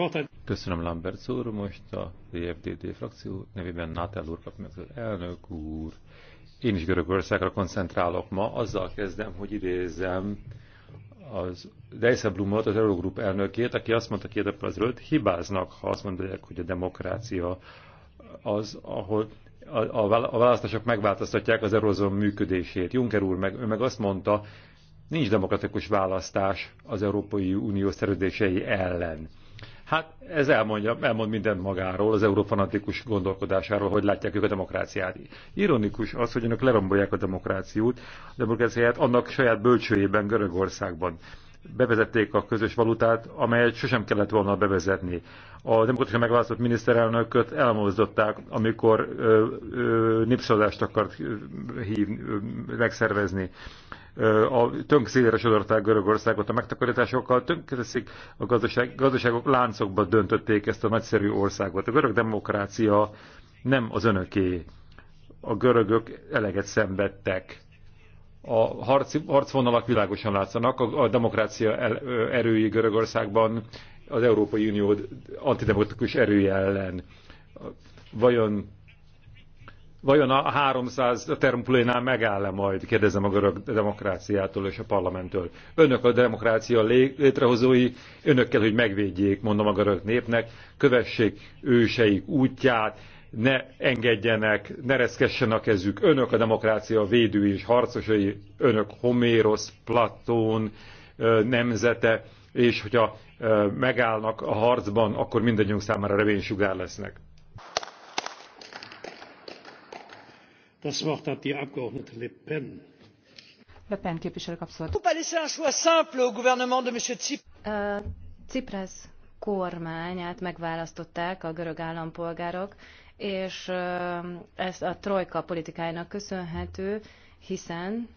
Köszönöm Lambert úr, most a DFDD frakció nevében Nátel úr kap meg az elnök úr. Én is Görögországra koncentrálok ma, azzal kezdem, hogy idézem az Blumot az Eurogroup elnökét, aki azt mondta két az előtt, hibáznak, ha azt mondják, hogy a demokrácia az, ahol a, választások megváltoztatják az eurozón működését. Juncker úr meg, ő meg azt mondta, nincs demokratikus választás az Európai Unió szerződései ellen. Hát ez elmondja, elmond mindent magáról, az eurofanatikus gondolkodásáról, hogy látják ők a demokráciát. Ironikus az, hogy önök lerombolják a demokráciát, a demokráciát annak saját bölcsőjében, Görögországban. Bevezették a közös valutát, amelyet sosem kellett volna bevezetni. A demokratikusan megválasztott miniszterelnököt elmozdották, amikor népszavazást akart hív, ö, megszervezni a tönk szélére sodorták Görögországot a megtakarításokkal, tönkreteszik a gazdaság, gazdaságok láncokba döntötték ezt a nagyszerű országot. A görög demokrácia nem az önöké. A görögök eleget szenvedtek. A harci, harcvonalak világosan látszanak, a, a demokrácia el, erői Görögországban az Európai Unió antidemokratikus erője ellen. Vajon Vajon a 300 termpulénál megáll-e majd, kérdezem a görög demokráciától és a parlamenttől. Önök a demokrácia létrehozói, önökkel hogy megvédjék, mondom a görög népnek, kövessék őseik útját, ne engedjenek, ne reszkessen a kezük. Önök a demokrácia védői és harcosai, önök Homérosz, Platón nemzete, és hogyha megállnak a harcban, akkor mindannyiunk számára reménysugár lesznek. Das Le Pen. képviselő kapszolt. Uh, kormányát megválasztották a görög állampolgárok, és uh, ez a trojka politikájának köszönhető, hiszen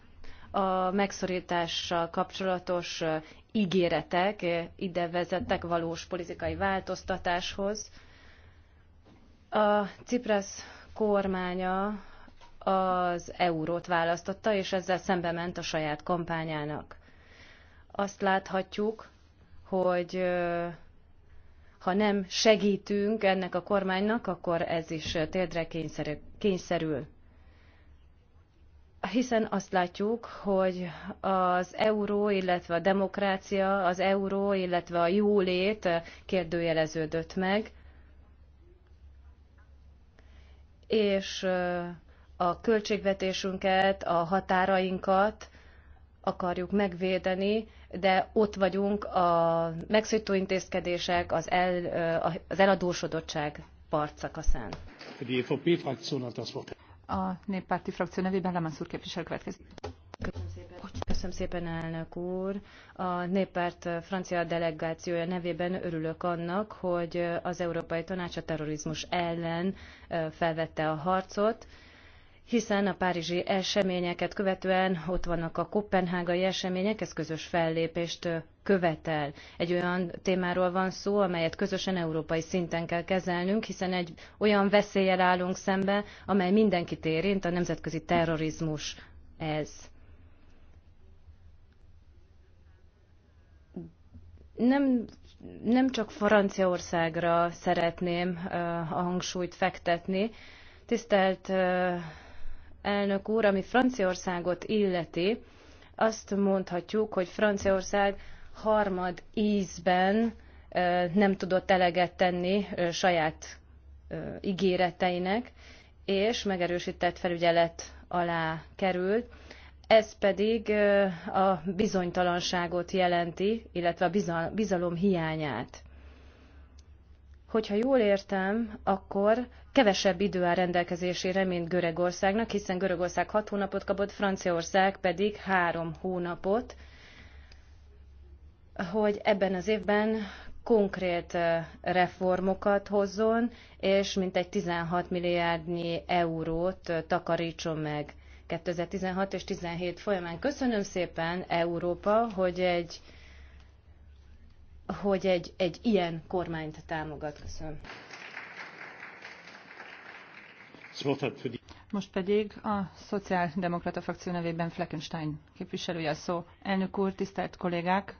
a megszorítással kapcsolatos ígéretek ide vezettek valós politikai változtatáshoz. A Ciprasz kormánya az eurót választotta, és ezzel szembe ment a saját kampányának. Azt láthatjuk, hogy ha nem segítünk ennek a kormánynak, akkor ez is térdre kényszerül. Hiszen azt látjuk, hogy az euró, illetve a demokrácia, az euró, illetve a jólét kérdőjeleződött meg, és a költségvetésünket, a határainkat akarjuk megvédeni, de ott vagyunk a megszűjtő intézkedések, az, el, az eladósodottság partszakaszán. E a néppárti frakció nevében Lemansz úr képviselő következik. Köszönöm szépen. Köszönöm szépen, elnök úr. A néppárt francia delegációja nevében örülök annak, hogy az Európai Tanács a terrorizmus ellen felvette a harcot hiszen a párizsi eseményeket követően ott vannak a kopenhágai események, ez közös fellépést követel. Egy olyan témáról van szó, amelyet közösen európai szinten kell kezelnünk, hiszen egy olyan veszéllyel állunk szembe, amely mindenkit érint, a nemzetközi terrorizmus ez. Nem, nem csak Franciaországra szeretném a hangsúlyt fektetni, tisztelt elnök úr, ami Franciaországot illeti, azt mondhatjuk, hogy Franciaország harmad ízben nem tudott eleget tenni saját ígéreteinek, és megerősített felügyelet alá került. Ez pedig a bizonytalanságot jelenti, illetve a bizalom hiányát. Hogyha jól értem, akkor kevesebb idő áll rendelkezésére, mint Görögországnak, hiszen Görögország hat hónapot kapott, Franciaország pedig három hónapot, hogy ebben az évben konkrét reformokat hozzon, és mintegy 16 milliárdnyi eurót takarítson meg 2016 és 17 folyamán. Köszönöm szépen, Európa, hogy egy hogy egy, egy ilyen kormányt támogat. Köszönöm. Most pedig a Szociáldemokrata frakció nevében Fleckenstein képviselője szó. Elnök úr, tisztelt kollégák!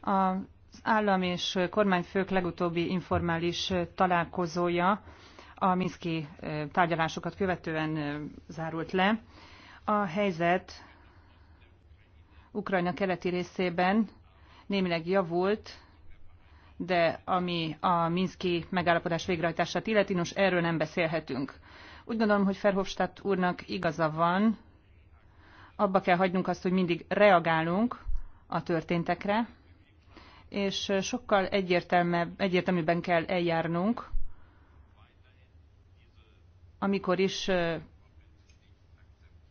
Az állam és kormányfők legutóbbi informális találkozója a Minszki eh, tárgyalásokat követően eh, zárult le. A helyzet Ukrajna keleti részében némileg javult, de ami a Minszki megállapodás végrehajtását illeti, nos erről nem beszélhetünk. Úgy gondolom, hogy Ferhofstadt úrnak igaza van, abba kell hagynunk azt, hogy mindig reagálunk a történtekre, és sokkal egyértelműbben kell eljárnunk, amikor is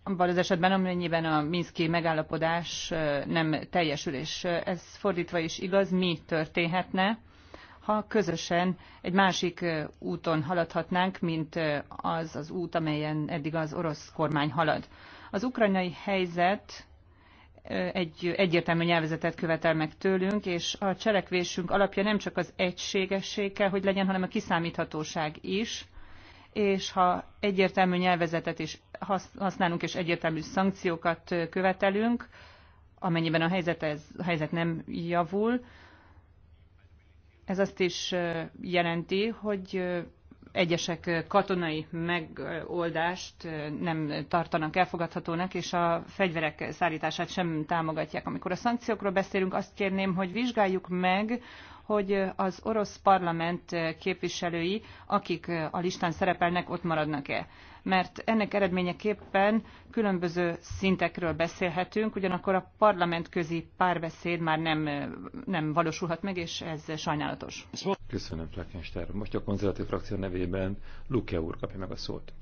abban az esetben, amennyiben a Minszki megállapodás nem teljesül, és ez fordítva is igaz, mi történhetne, ha közösen egy másik úton haladhatnánk, mint az az út, amelyen eddig az orosz kormány halad. Az ukrajnai helyzet egy egyértelmű nyelvezetet követel meg tőlünk, és a cselekvésünk alapja nem csak az egységesség kell, hogy legyen, hanem a kiszámíthatóság is és ha egyértelmű nyelvezetet is használunk, és egyértelmű szankciókat követelünk, amennyiben a helyzet, ez, a helyzet nem javul, ez azt is jelenti, hogy egyesek katonai megoldást nem tartanak elfogadhatónak, és a fegyverek szállítását sem támogatják. Amikor a szankciókról beszélünk, azt kérném, hogy vizsgáljuk meg hogy az orosz parlament képviselői, akik a listán szerepelnek, ott maradnak-e. Mert ennek eredményeképpen különböző szintekről beszélhetünk, ugyanakkor a parlamentközi párbeszéd már nem, nem valósulhat meg, és ez sajnálatos. Köszönöm, Fleckenstein. Most a konzervatív frakció nevében Luke úr kapja meg a szót.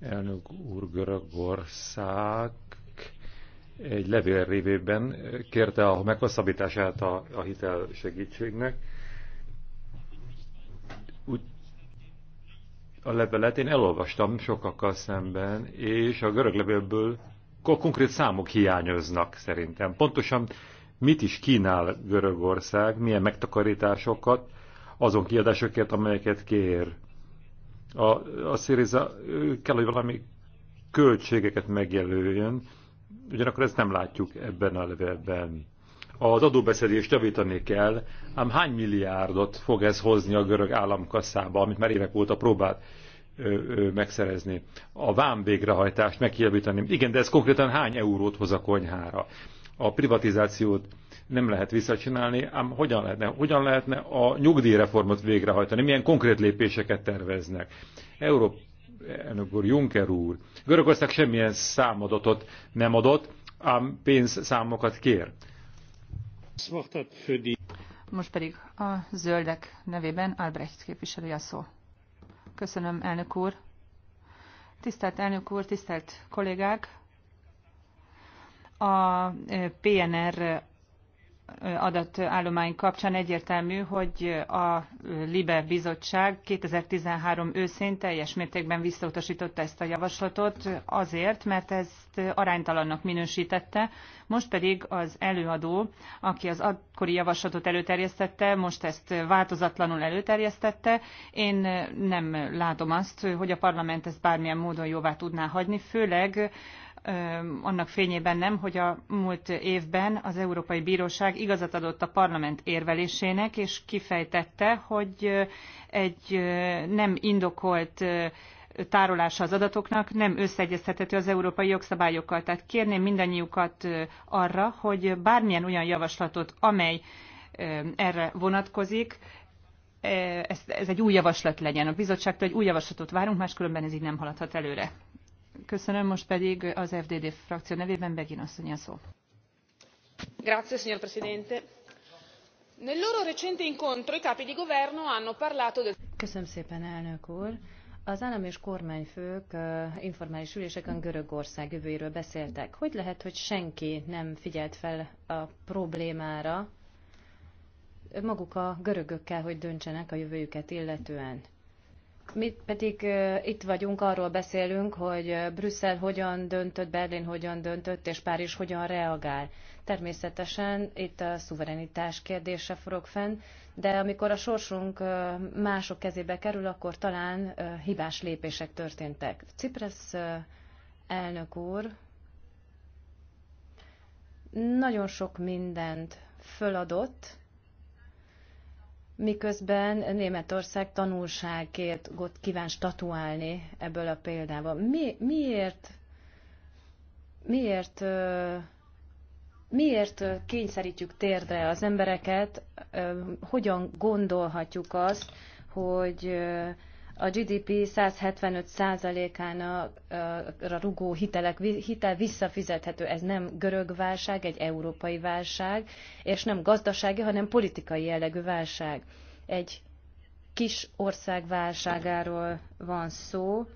Elnök úr, Görögország egy levél révében kérte a meghosszabbítását a, a hitel segítségnek. Úgy, a levelet én elolvastam sokakkal szemben, és a görög levélből konkrét számok hiányoznak szerintem. Pontosan mit is kínál Görögország, milyen megtakarításokat, azon kiadásokért, amelyeket kér. A, a Syriza kell, hogy valami költségeket megjelöljön, ugyanakkor ezt nem látjuk ebben a levelben. Az adóbeszedést javítani kell, ám hány milliárdot fog ez hozni a görög államkasszába, amit már évek óta próbált ö, ö, megszerezni. A vám végrehajtást megjavítani. Igen, de ez konkrétan hány eurót hoz a konyhára? A privatizációt nem lehet visszacsinálni, ám hogyan lehetne, hogyan lehetne a nyugdíjreformot végrehajtani, milyen konkrét lépéseket terveznek. Európa elnök úr, Juncker úr. Görögország semmilyen számadatot nem adott, ám pénzszámokat kér. Most pedig a zöldek nevében Albrecht képviselő a szó. Köszönöm, elnök úr. Tisztelt elnök úr, tisztelt kollégák! A eh, PNR adatállomány kapcsán egyértelmű, hogy a LIBE bizottság 2013 őszén teljes mértékben visszautasította ezt a javaslatot azért, mert ezt aránytalannak minősítette, most pedig az előadó, aki az akkori javaslatot előterjesztette, most ezt változatlanul előterjesztette. Én nem látom azt, hogy a parlament ezt bármilyen módon jóvá tudná hagyni, főleg annak fényében nem, hogy a múlt évben az Európai Bíróság igazat adott a parlament érvelésének, és kifejtette, hogy egy nem indokolt tárolása az adatoknak nem összeegyeztethető az európai jogszabályokkal. Tehát kérném mindannyiukat arra, hogy bármilyen olyan javaslatot, amely erre vonatkozik, ez, ez egy új javaslat legyen. A bizottságtól egy új javaslatot várunk, máskülönben ez így nem haladhat előre. Köszönöm, most pedig az FDD frakció nevében Begin asszony a szó. Grazie, signor Presidente. Nel loro recente incontro i capi di governo hanno parlato del... Köszönöm szépen, elnök úr. Az állam és kormányfők uh, informális üléseken Görögország jövőjéről beszéltek. Hogy lehet, hogy senki nem figyelt fel a problémára? Maguk a görögökkel, hogy döntsenek a jövőjüket illetően mi pedig itt vagyunk, arról beszélünk, hogy Brüsszel hogyan döntött, Berlin hogyan döntött, és Párizs hogyan reagál. Természetesen itt a szuverenitás kérdése forog fenn, de amikor a sorsunk mások kezébe kerül, akkor talán hibás lépések történtek. Ciprasz elnök úr nagyon sok mindent föladott, miközben Németország tanulságért kíván statuálni ebből a példából. Mi, miért miért miért kényszerítjük térdre az embereket, hogyan gondolhatjuk azt, hogy a GDP 175%-ára rugó hitelek, hitel visszafizethető. Ez nem görög válság, egy európai válság, és nem gazdasági, hanem politikai jellegű válság. Egy kis ország válságáról van szó,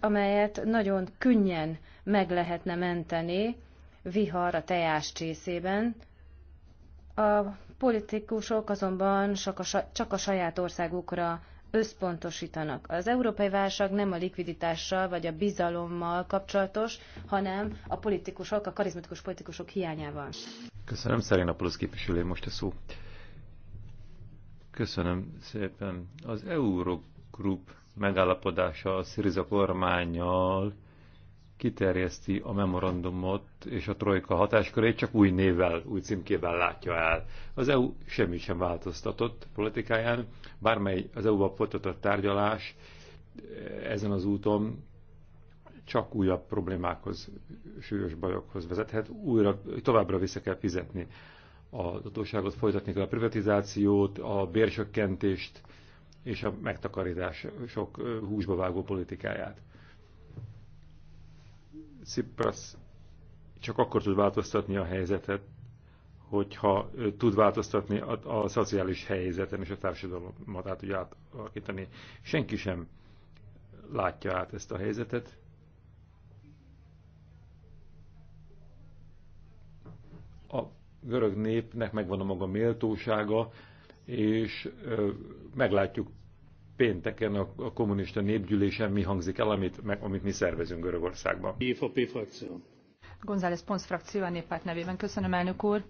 amelyet nagyon könnyen meg lehetne menteni vihar a tejás csészében. A politikusok azonban csak a, csak a saját országukra összpontosítanak. Az európai válság nem a likviditással vagy a bizalommal kapcsolatos, hanem a politikusok, a karizmatikus politikusok hiányával. Köszönöm, a Plusz képviselő most a szó. Köszönöm szépen. Az Eurogroup megállapodása a Sziriza kormányjal kiterjeszti a memorandumot és a trojka hatáskörét, csak új névvel, új címkével látja el. Az EU semmi sem változtatott politikáján, bármely az EU-val folytatott tárgyalás eh, ezen az úton csak újabb problémákhoz, súlyos bajokhoz vezethet, újra, továbbra vissza kell fizetni az adóságot, folytatni kell a privatizációt, a bércsökkentést és a megtakarítás sok eh, húsba vágó politikáját. Tsipras csak akkor tud változtatni a helyzetet, hogyha tud változtatni a, a szociális helyzeten és a társadalmat át tudja átalakítani. Senki sem látja át ezt a helyzetet. A görög népnek megvan a maga méltósága, és meglátjuk pénteken a, a kommunista népgyűlésen mi hangzik el, amit, meg, amit mi szervezünk Görögországban. IFP frakció. González Pons frakció a néppárt nevében. Köszönöm, elnök úr.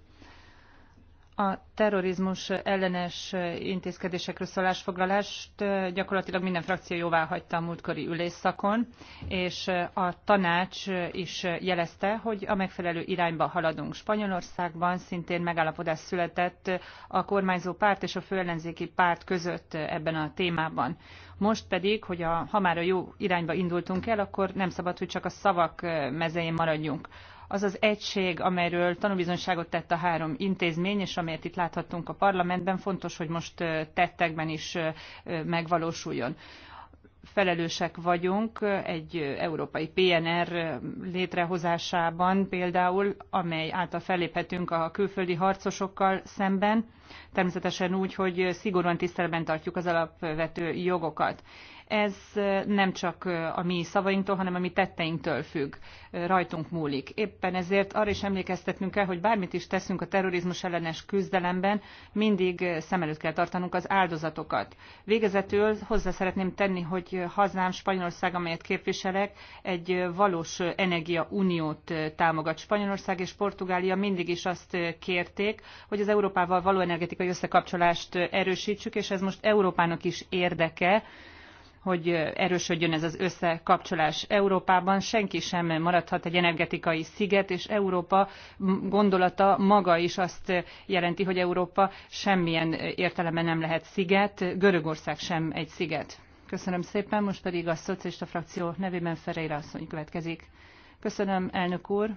A terrorizmus ellenes intézkedésekről szóló foglalást gyakorlatilag minden frakció jóvá hagyta a múltkori ülésszakon, és a tanács is jelezte, hogy a megfelelő irányba haladunk. Spanyolországban szintén megállapodás született a kormányzó párt és a főellenzéki párt között ebben a témában. Most pedig, hogy a, ha már a jó irányba indultunk el, akkor nem szabad, hogy csak a szavak mezején maradjunk az az egység, amelyről tanúbizonyságot tett a három intézmény, és amelyet itt láthattunk a parlamentben, fontos, hogy most tettekben is megvalósuljon felelősek vagyunk egy európai PNR létrehozásában például, amely által felléphetünk a külföldi harcosokkal szemben, természetesen úgy, hogy szigorúan tiszteletben tartjuk az alapvető jogokat ez nem csak a mi szavainktól, hanem a mi tetteinktől függ, rajtunk múlik. Éppen ezért arra is emlékeztetnünk kell, hogy bármit is teszünk a terrorizmus ellenes küzdelemben, mindig szem előtt kell tartanunk az áldozatokat. Végezetül hozzá szeretném tenni, hogy hazám Spanyolország, amelyet képviselek, egy valós energiauniót támogat. Spanyolország és Portugália mindig is azt kérték, hogy az Európával való energetikai összekapcsolást erősítsük, és ez most Európának is érdeke, hogy erősödjön ez az összekapcsolás Európában. Senki sem maradhat egy energetikai sziget, és Európa gondolata maga is azt jelenti, hogy Európa semmilyen értelemben nem lehet sziget, Görögország sem egy sziget. Köszönöm szépen, most pedig a szocialista frakció nevében Ferreira asszony következik. Köszönöm, elnök úr!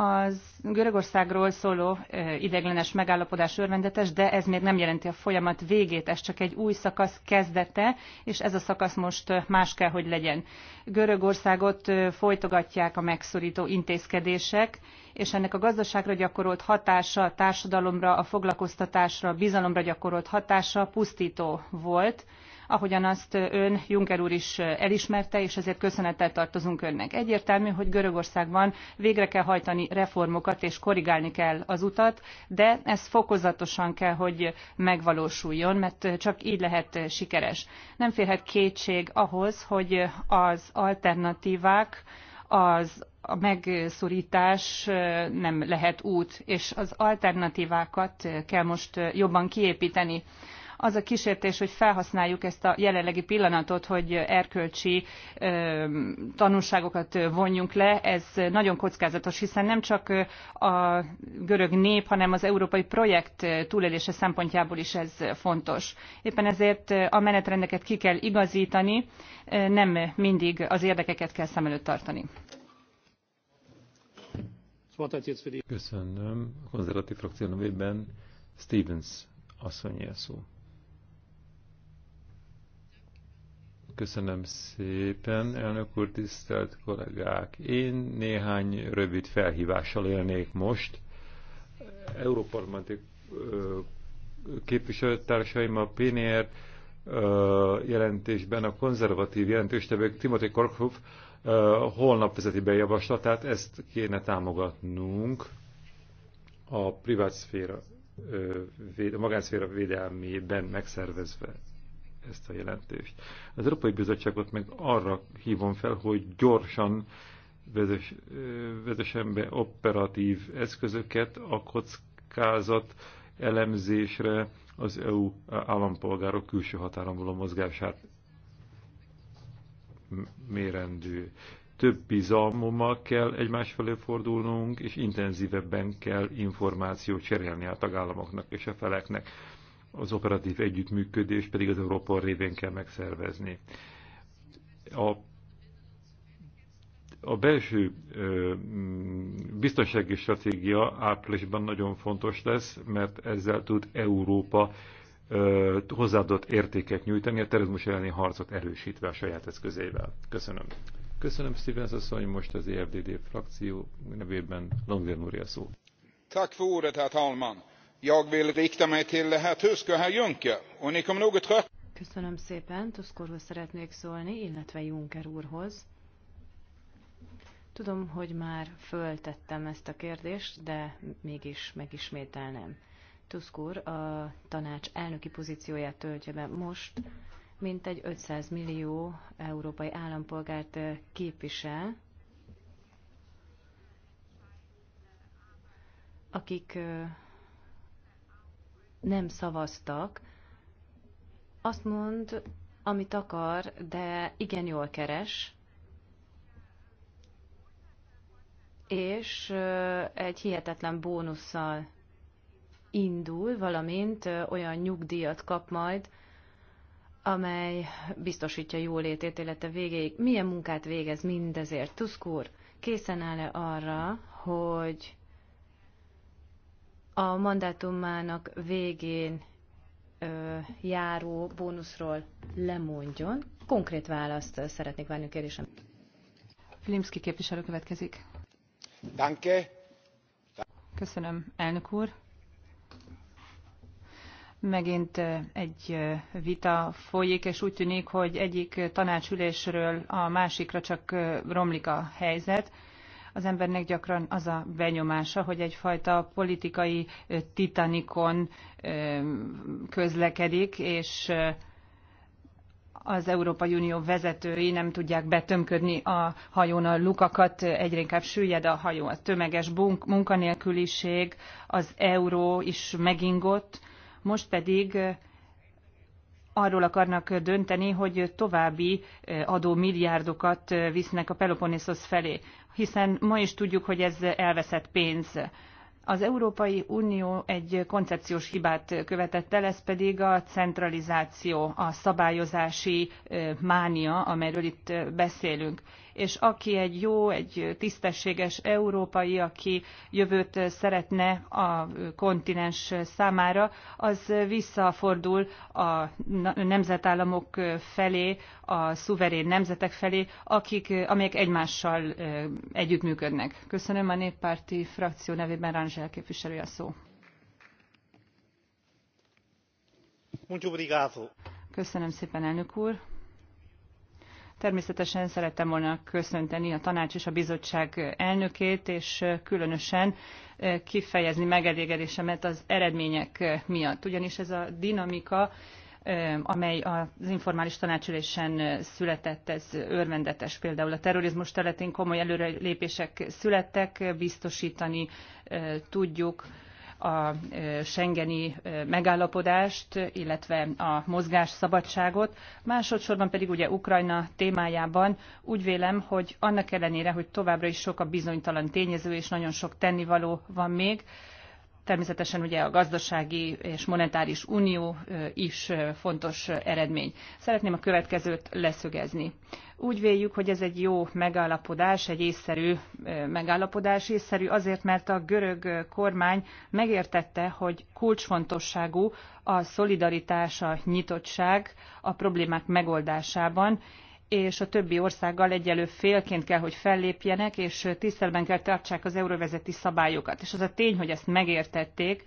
Az Görögországról szóló ideiglenes megállapodás örvendetes, de ez még nem jelenti a folyamat végét, ez csak egy új szakasz kezdete, és ez a szakasz most más kell, hogy legyen. Görögországot folytogatják a megszorító intézkedések, és ennek a gazdaságra gyakorolt hatása, a társadalomra, a foglalkoztatásra, a bizalomra gyakorolt hatása pusztító volt, ahogyan azt ön Juncker úr is elismerte, és ezért köszönettel tartozunk önnek. Egyértelmű, hogy Görögországban végre kell hajtani reformokat, és korrigálni kell az utat, de ez fokozatosan kell, hogy megvalósuljon, mert csak így lehet sikeres. Nem férhet kétség ahhoz, hogy az alternatívák, az a megszorítás nem lehet út, és az alternatívákat kell most jobban kiépíteni az a kísértés, hogy felhasználjuk ezt a jelenlegi pillanatot, hogy erkölcsi tanulságokat vonjunk le, ez nagyon kockázatos, hiszen nem csak a görög nép, hanem az európai projekt túlélése szempontjából is ez fontos. Éppen ezért a menetrendeket ki kell igazítani, nem mindig az érdekeket kell szem előtt tartani. Köszönöm. A konzervatív frakció nevében Stevens a szó. Köszönöm szépen, elnök úr, tisztelt kollégák! Én néhány rövid felhívással élnék most. Európarlamenti képviselőtársaim a PNR jelentésben a konzervatív jelentéstevők Timothy Korkhoff holnap vezeti be javaslatát, ezt kéne támogatnunk a privátszféra, a magánszféra védelmében megszervezve ezt a jelentést. Az Európai Bizottságot meg arra hívom fel, hogy gyorsan vezessen be operatív eszközöket a kockázat elemzésre az EU állampolgárok külső határon való mozgását mérendő. Több bizalmommal kell egymás felé fordulnunk, és intenzívebben kell információt cserélni a tagállamoknak és a feleknek az operatív együttműködés pedig az Európa révén kell megszervezni. A, a belső biztonsági stratégia áprilisban nagyon fontos lesz, mert ezzel tud Európa ö, hozzáadott értéket nyújtani, a terrorizmus elleni harcot erősítve a saját eszközével. Köszönöm. Köszönöm, Stevens asszony, most az EFDD frakció nevében Longden úr szó. Tack för ordet, herr talman. Jag vill rikta mig till herr Tusk och herr Juncker. Och ni kommer nog att Köszönöm szépen, Tusk úrhoz szeretnék szólni, illetve Juncker úrhoz. Tudom, hogy már föltettem ezt a kérdést, de mégis megismételnem. Tusk úr a tanács elnöki pozícióját töltje be most, mintegy 500 millió európai állampolgárt képvisel, akik nem szavaztak, azt mond, amit akar, de igen jól keres, és egy hihetetlen bónusszal indul, valamint olyan nyugdíjat kap majd, amely biztosítja jólétét élete végéig. Milyen munkát végez mindezért? Tuszkúr készen áll-e arra, hogy a mandátumának végén ö, járó bónuszról lemondjon. Konkrét választ szeretnék várni kérdésem. Filimszki képviselő következik. Danke. Köszönöm, elnök úr. Megint egy vita folyik, és úgy tűnik, hogy egyik tanácsülésről a másikra csak romlik a helyzet az embernek gyakran az a benyomása, hogy egyfajta politikai titanikon közlekedik, és az Európai Unió vezetői nem tudják betömködni a hajón a lukakat, egyre inkább süllyed a hajó, a tömeges munkanélküliség, az euró is megingott, most pedig arról akarnak dönteni, hogy további adó milliárdokat visznek a Peloponnesos felé, hiszen ma is tudjuk, hogy ez elveszett pénz. Az Európai Unió egy koncepciós hibát követett el, ez pedig a centralizáció, a szabályozási mánia, amelyről itt beszélünk és aki egy jó, egy tisztességes európai, aki jövőt szeretne a kontinens számára, az visszafordul a nemzetállamok felé, a szuverén nemzetek felé, akik, amelyek egymással együttműködnek. Köszönöm a néppárti frakció nevében Rangel képviselő a szó. Köszönöm szépen, elnök úr. Természetesen szerettem volna köszönteni a tanács és a bizottság elnökét, és különösen kifejezni megelégedésemet az eredmények miatt. Ugyanis ez a dinamika, amely az informális tanácsülésen született, ez örvendetes. Például a terrorizmus területén komoly előrelépések születtek, biztosítani tudjuk, a Schengeni megállapodást, illetve a mozgás szabadságot. Másodszorban pedig ugye Ukrajna témájában úgy vélem, hogy annak ellenére, hogy továbbra is sok a bizonytalan tényező és nagyon sok tennivaló van még, Természetesen ugye a gazdasági és monetáris unió is fontos eredmény. Szeretném a következőt leszögezni. Úgy véljük, hogy ez egy jó megállapodás, egy észszerű megállapodás, észszerű azért, mert a görög kormány megértette, hogy kulcsfontosságú a szolidaritás, a nyitottság a problémák megoldásában, és a többi országgal egyelő félként kell, hogy fellépjenek, és tisztelben kell tartsák az euróvezeti szabályokat. És az a tény, hogy ezt megértették,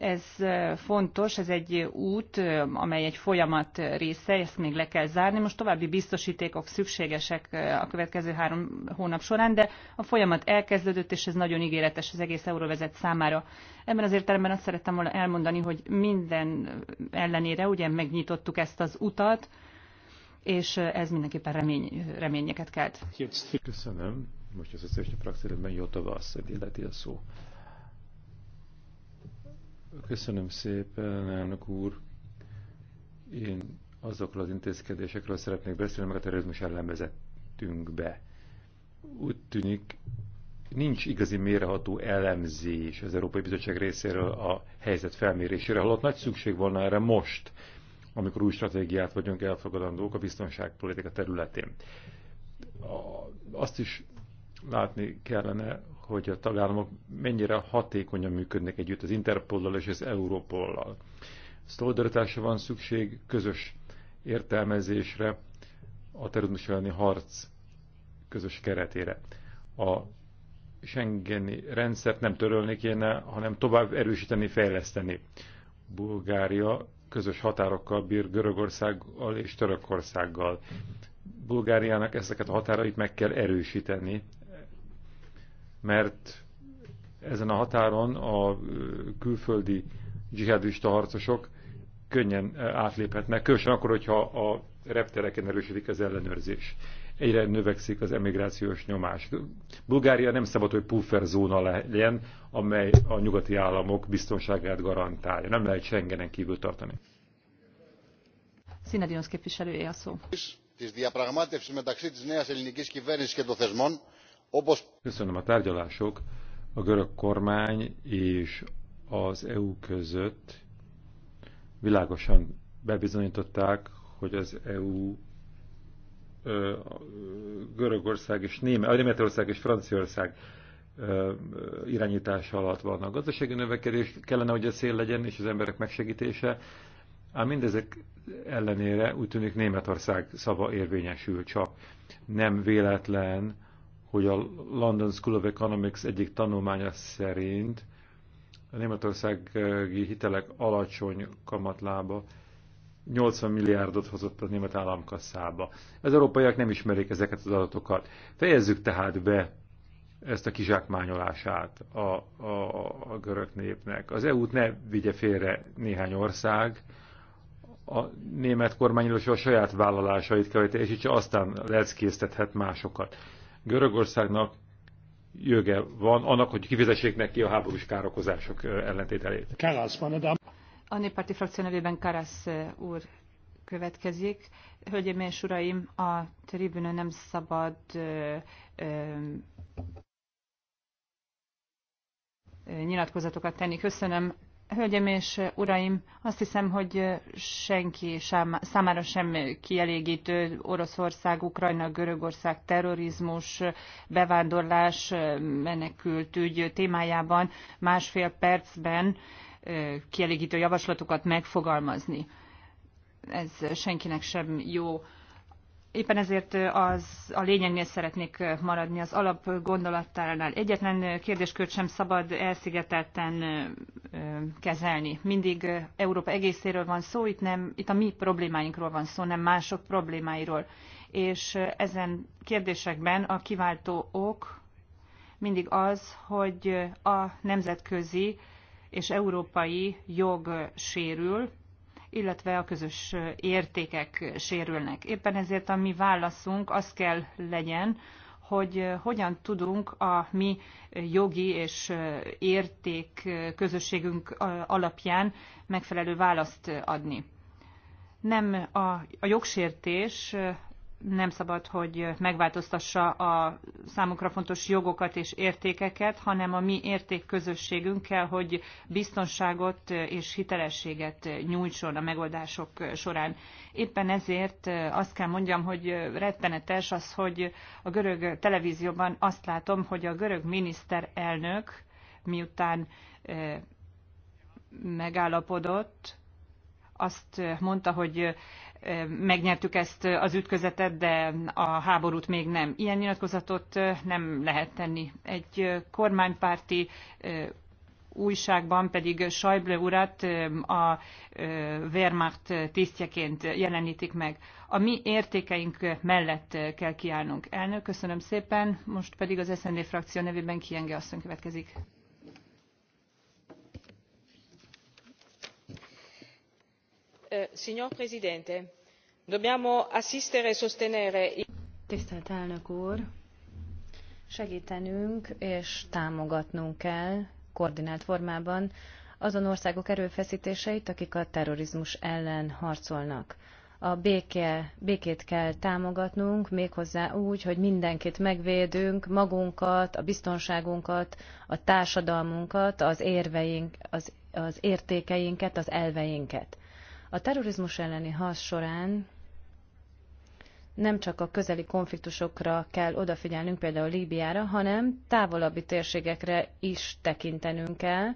ez fontos, ez egy út, amely egy folyamat része, ezt még le kell zárni. Most további biztosítékok szükségesek a következő három hónap során, de a folyamat elkezdődött, és ez nagyon ígéretes az egész euróvezet számára. Ebben az értelemben azt szerettem volna elmondani, hogy minden ellenére ugye megnyitottuk ezt az utat, és ez mindenképpen remény, reményeket kelt. Köszönöm. Most az összes frakcióban Jotova asszony illeti a szó. Köszönöm szépen, elnök úr. Én azokról az intézkedésekről szeretnék beszélni, mert a terrorizmus ellen vezettünk be. Úgy tűnik, nincs igazi méreható elemzés az Európai Bizottság részéről a helyzet felmérésére, holott nagy szükség volna erre most amikor új stratégiát vagyunk elfogadandók a biztonságpolitika területén. Azt is látni kellene, hogy a tagállamok mennyire hatékonyan működnek együtt az Interpollal és az Európollal. Szolidaritásra van szükség közös értelmezésre, a terrorizmus elleni harc közös keretére. A Schengeni rendszert nem törölni kéne, hanem tovább erősíteni, fejleszteni. Bulgária közös határokkal bír Görögországgal és Törökországgal. Bulgáriának ezeket a határait meg kell erősíteni, mert ezen a határon a külföldi dzsihadista harcosok könnyen átléphetnek, különösen akkor, hogyha a reptereken erősödik az ellenőrzés egyre növekszik az emigrációs nyomás. Bulgária nem szabad, hogy pufferzóna legyen, amely a nyugati államok biztonságát garantálja. Nem lehet Schengenen kívül tartani. Színediosz képviselője a szó. Köszönöm a tárgyalások. A görög kormány és az EU között világosan bebizonyították, hogy az EU Görögország és Német, Németország és Franciaország irányítása alatt van. A gazdasági növekedés kellene, hogy a cél legyen, és az emberek megsegítése, ám mindezek ellenére úgy tűnik Németország szava érvényesül csak. Nem véletlen, hogy a London School of Economics egyik tanulmánya szerint a németországi hitelek alacsony kamatlába 80 milliárdot hozott a német államkasszába. Az európaiak nem ismerik ezeket az adatokat. Fejezzük tehát be ezt a kizsákmányolását a, a, a görög népnek. Az EU-t ne vigye félre néhány ország, a német kormány a saját vállalásait kell, és így aztán leckésztethet másokat. Görögországnak jöge van annak, hogy kifizessék neki a háborús károkozások ellentételét. A néppárti frakció nevében Karasz úr következik. Hölgyeim és uraim, a tribünön nem szabad ö, ö, nyilatkozatokat tenni. Köszönöm. Hölgyeim és uraim, azt hiszem, hogy senki számára sem kielégítő Oroszország, Ukrajna, Görögország, terrorizmus, bevándorlás, menekült ügy témájában másfél percben kielégítő javaslatokat megfogalmazni. Ez senkinek sem jó. Éppen ezért az, a lényegnél szeretnék maradni az alap gondolattárnál. Egyetlen kérdéskört sem szabad elszigetelten kezelni. Mindig Európa egészéről van szó, itt, nem, itt a mi problémáinkról van szó, nem mások problémáiról. És ezen kérdésekben a kiváltó ok mindig az, hogy a nemzetközi és európai jog sérül, illetve a közös értékek sérülnek. Éppen ezért a mi válaszunk az kell legyen, hogy hogyan tudunk a mi jogi és érték közösségünk alapján megfelelő választ adni. Nem a, a jogsértés nem szabad, hogy megváltoztassa a számukra fontos jogokat és értékeket, hanem a mi értékközösségünk kell, hogy biztonságot és hitelességet nyújtson a megoldások során. Éppen ezért azt kell mondjam, hogy rettenetes az, hogy a görög televízióban azt látom, hogy a görög miniszterelnök miután eh, megállapodott, azt mondta, hogy megnyertük ezt az ütközetet, de a háborút még nem. Ilyen nyilatkozatot nem lehet tenni. Egy kormánypárti újságban pedig Schäuble urat a Wehrmacht tisztjeként jelenítik meg. A mi értékeink mellett kell kiállnunk. Elnök, köszönöm szépen, most pedig az SND frakció nevében Kienge asszony következik. Eh, signor presidente dobbiamo assistere e sostenere. tisztelt elnök úr! segtenünk és támogatnunk kell koordinált formában azon országok erőfesztéseit akik a terrorizmus ellen harcolnak. a béke, békét kell támogatnunk méghozzá úgy hogy mindenkit megvédünk magunkat a biztonságunkat a társadalmunkat az érveink az, az értékeinket az elveinket a terrorizmus elleni harc során nem csak a közeli konfliktusokra kell odafigyelnünk, például Líbiára, hanem távolabbi térségekre is tekintenünk kell.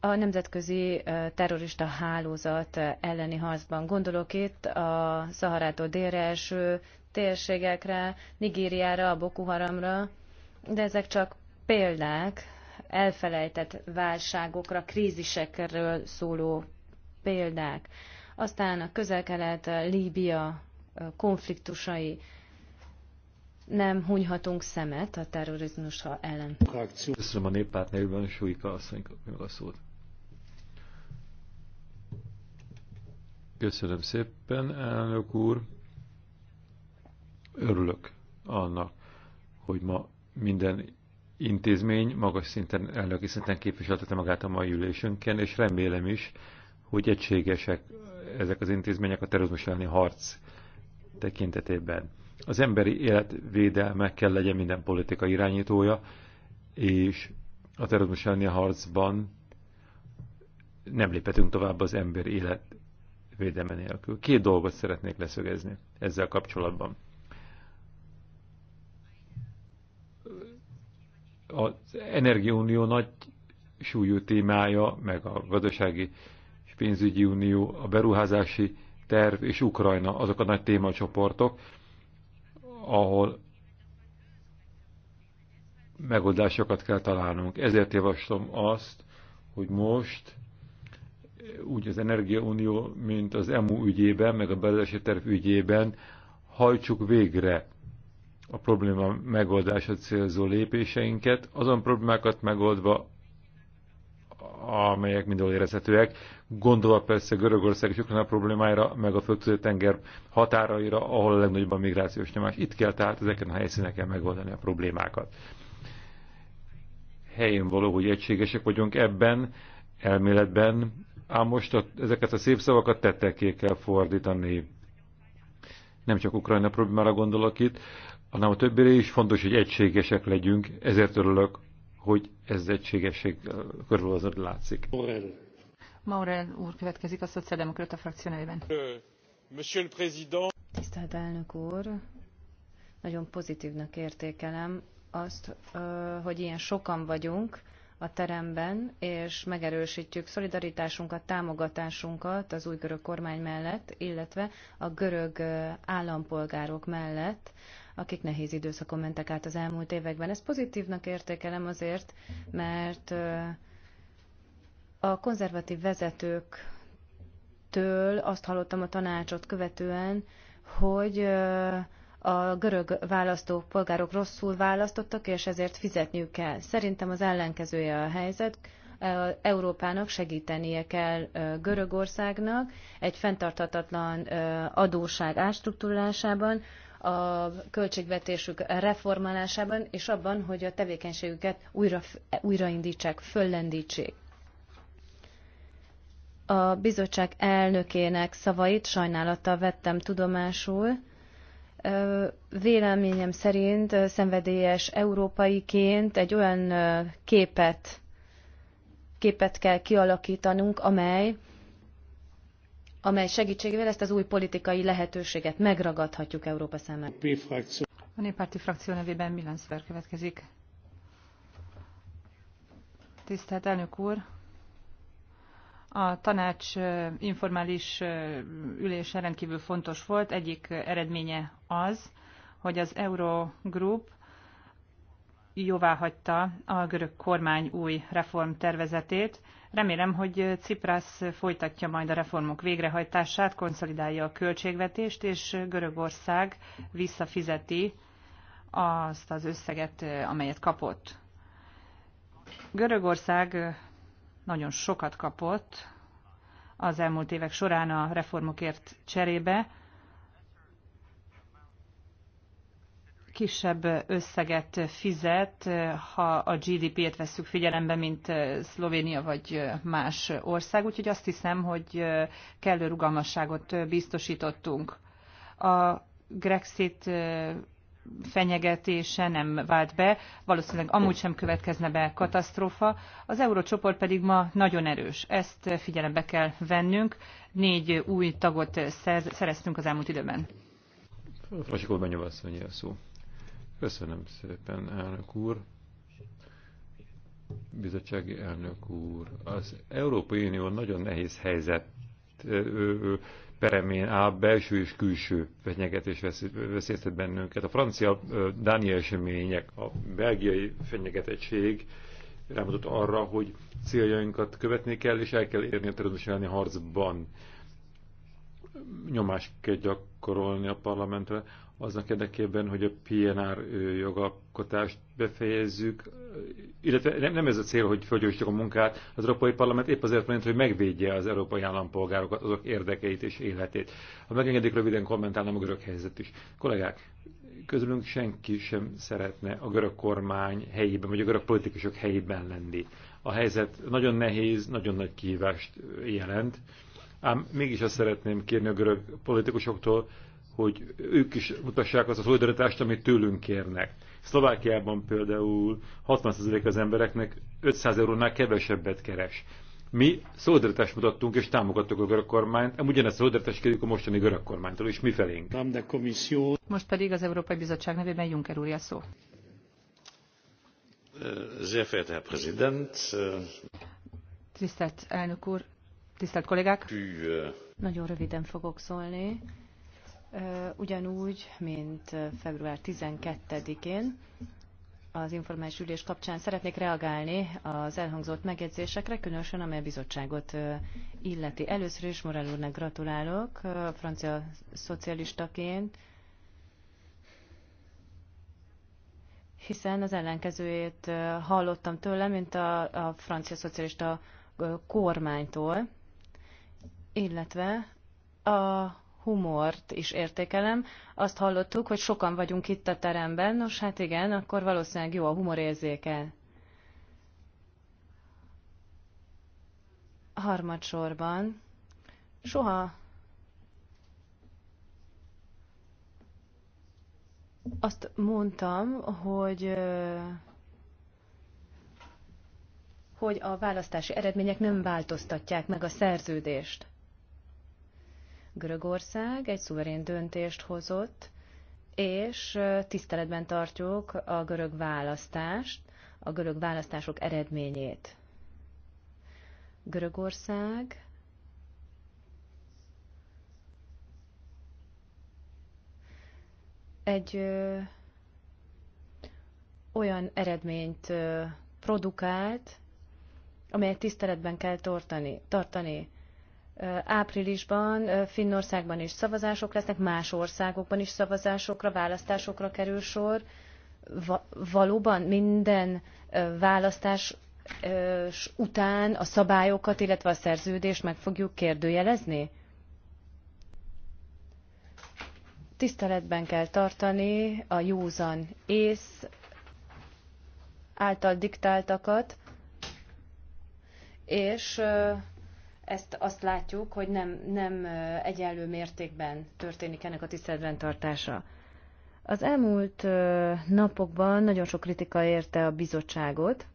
A nemzetközi terrorista hálózat elleni harcban gondolok itt a Szaharától délre első térségekre, Nigériára, a Boko Haramra, de ezek csak példák elfelejtett válságokra, krízisekről szóló példák. Aztán a közel-kelet, Líbia konfliktusai, nem hunyhatunk szemet a terrorizmus ellen. Köszönöm a néppárt nevében, Sújka asszony meg a szót. Köszönöm szépen, elnök úr. Örülök annak, hogy ma minden intézmény magas szinten, elnöki szinten képviselte magát a mai ülésünkön, és remélem is, hogy egységesek ezek az intézmények a terrorizmus elleni harc tekintetében. Az emberi élet védelme kell legyen minden politika irányítója, és a terrorizmus elleni harcban nem léphetünk tovább az emberi élet védelme nélkül. Két dolgot szeretnék leszögezni ezzel kapcsolatban. Az energiaunió nagy súlyú témája, meg a gazdasági pénzügyi unió, a beruházási terv és Ukrajna, azok a nagy témacsoportok, ahol megoldásokat kell találnunk. Ezért javaslom azt, hogy most úgy az Energiaunió, mint az EMU ügyében, meg a beruházási terv ügyében hajtsuk végre a probléma megoldása célzó lépéseinket, azon problémákat megoldva, amelyek mindenhol érezhetőek, gondolva persze Görögország és Ukrajna problémáira, meg a földközi tenger határaira, ahol a legnagyobb a migrációs nyomás. Itt kell tehát ezeken a helyszíneken megoldani a problémákat. Helyén való, hogy egységesek vagyunk ebben, elméletben, ám most a, ezeket a szép szavakat tetteké kell fordítani. Nem csak Ukrajna problémára gondolok itt, hanem a többére is fontos, hogy egységesek legyünk, ezért örülök, hogy ez egységesség körülhozott látszik. Borrell. Maurel úr következik a frakció Tisztelt elnök úr, nagyon pozitívnak értékelem azt, hogy ilyen sokan vagyunk a teremben, és megerősítjük szolidaritásunkat, támogatásunkat az új görög kormány mellett, illetve a görög állampolgárok mellett, akik nehéz időszakon mentek át az elmúlt években. Ezt pozitívnak értékelem azért, mert a konzervatív vezetőktől azt hallottam a tanácsot követően, hogy a görög polgárok rosszul választottak, és ezért fizetniük kell. Szerintem az ellenkezője a helyzet. E, Európának segítenie kell Görögországnak egy fenntarthatatlan adóság ástruktúrálásában, a költségvetésük reformálásában, és abban, hogy a tevékenységüket újra, újraindítsák, föllendítsék a bizottság elnökének szavait sajnálattal vettem tudomásul. Véleményem szerint szenvedélyes európaiként egy olyan képet, képet kell kialakítanunk, amely, amely segítségével ezt az új politikai lehetőséget megragadhatjuk Európa számára. A néppárti frakció nevében Milan következik. Tisztelt elnök úr, a tanács informális ülése rendkívül fontos volt. Egyik eredménye az, hogy az Eurogroup jóváhagyta a görög kormány új reformtervezetét. Remélem, hogy Ciprasz folytatja majd a reformok végrehajtását, konszolidálja a költségvetést, és Görögország visszafizeti azt az összeget, amelyet kapott. Görögország nagyon sokat kapott az elmúlt évek során a reformokért cserébe. Kisebb összeget fizet, ha a GDP-et vesszük figyelembe, mint Szlovénia vagy más ország, úgyhogy azt hiszem, hogy kellő rugalmasságot biztosítottunk. A Grexit fenyegetése nem vált be, valószínűleg amúgy sem következne be katasztrófa. Az eurócsoport pedig ma nagyon erős. Ezt figyelembe kell vennünk. Négy új tagot szerz, szereztünk az elmúlt időben. Frasi Kolbenyov asszonyi a szó. Köszönöm szépen, elnök úr. Bizottsági elnök úr, az Európai Unió nagyon nehéz helyzet peremén áll belső és külső fenyegetés veszélyeztet bennünket. A francia-dánia események, a belgiai fenyegetettség rámutat arra, hogy céljainkat követni kell, és el kell érni a terrorizmus harcban. Nyomást kell gyakorolni a parlamentre aznak érdekében, hogy a PNR jogalkotást befejezzük, illetve nem, nem ez a cél, hogy felgyorsítsuk a munkát, az Európai Parlament épp azért mondja, hogy megvédje az európai állampolgárokat, azok érdekeit és életét. Ha megengedik, röviden kommentálnám a görög helyzet is. Kollégák, közülünk senki sem szeretne a görög kormány helyében, vagy a görög politikusok helyében lenni. A helyzet nagyon nehéz, nagyon nagy kihívást jelent, ám mégis azt szeretném kérni a görög politikusoktól, hogy ők is mutassák azt a szolidaritást, amit tőlünk kérnek. Szlovákiában például 60% az embereknek 500 eurónál kevesebbet keres. Mi szolidaritást mutattunk és támogattuk a görög kormányt, ám ugyanezt szolidaritást kérjük a mostani görög kormánytól is mi felénk. Most pedig az Európai Bizottság nevében Juncker úr szó. Euh, euh, tisztelt elnök úr, tisztelt kollégák! Euh, Nagyon röviden fogok szólni ugyanúgy, mint február 12-én az informális ülés kapcsán szeretnék reagálni az elhangzott megjegyzésekre, különösen amely bizottságot illeti. Először is Morel úrnak gratulálok, francia szocialistaként, hiszen az ellenkezőjét hallottam tőle, mint a, a francia szocialista kormánytól, illetve a humort is értékelem. Azt hallottuk, hogy sokan vagyunk itt a teremben, nos hát igen, akkor valószínűleg jó a humorérzékel. Harmadsorban soha azt mondtam, hogy hogy a választási eredmények nem változtatják meg a szerződést. Görögország egy szuverén döntést hozott, és tiszteletben tartjuk a görög választást, a görög választások eredményét. Görögország egy ö, olyan eredményt ö, produkált, amelyet tiszteletben kell tartani. tartani áprilisban Finnországban is szavazások lesznek, más országokban is szavazásokra, választásokra kerül sor. Va- valóban minden választás után a szabályokat, illetve a szerződést meg fogjuk kérdőjelezni? Tiszteletben kell tartani a józan ész által diktáltakat, és ezt azt látjuk, hogy nem, nem egyenlő mértékben történik ennek a tiszteletben tartása. Az elmúlt napokban nagyon sok kritika érte a bizottságot.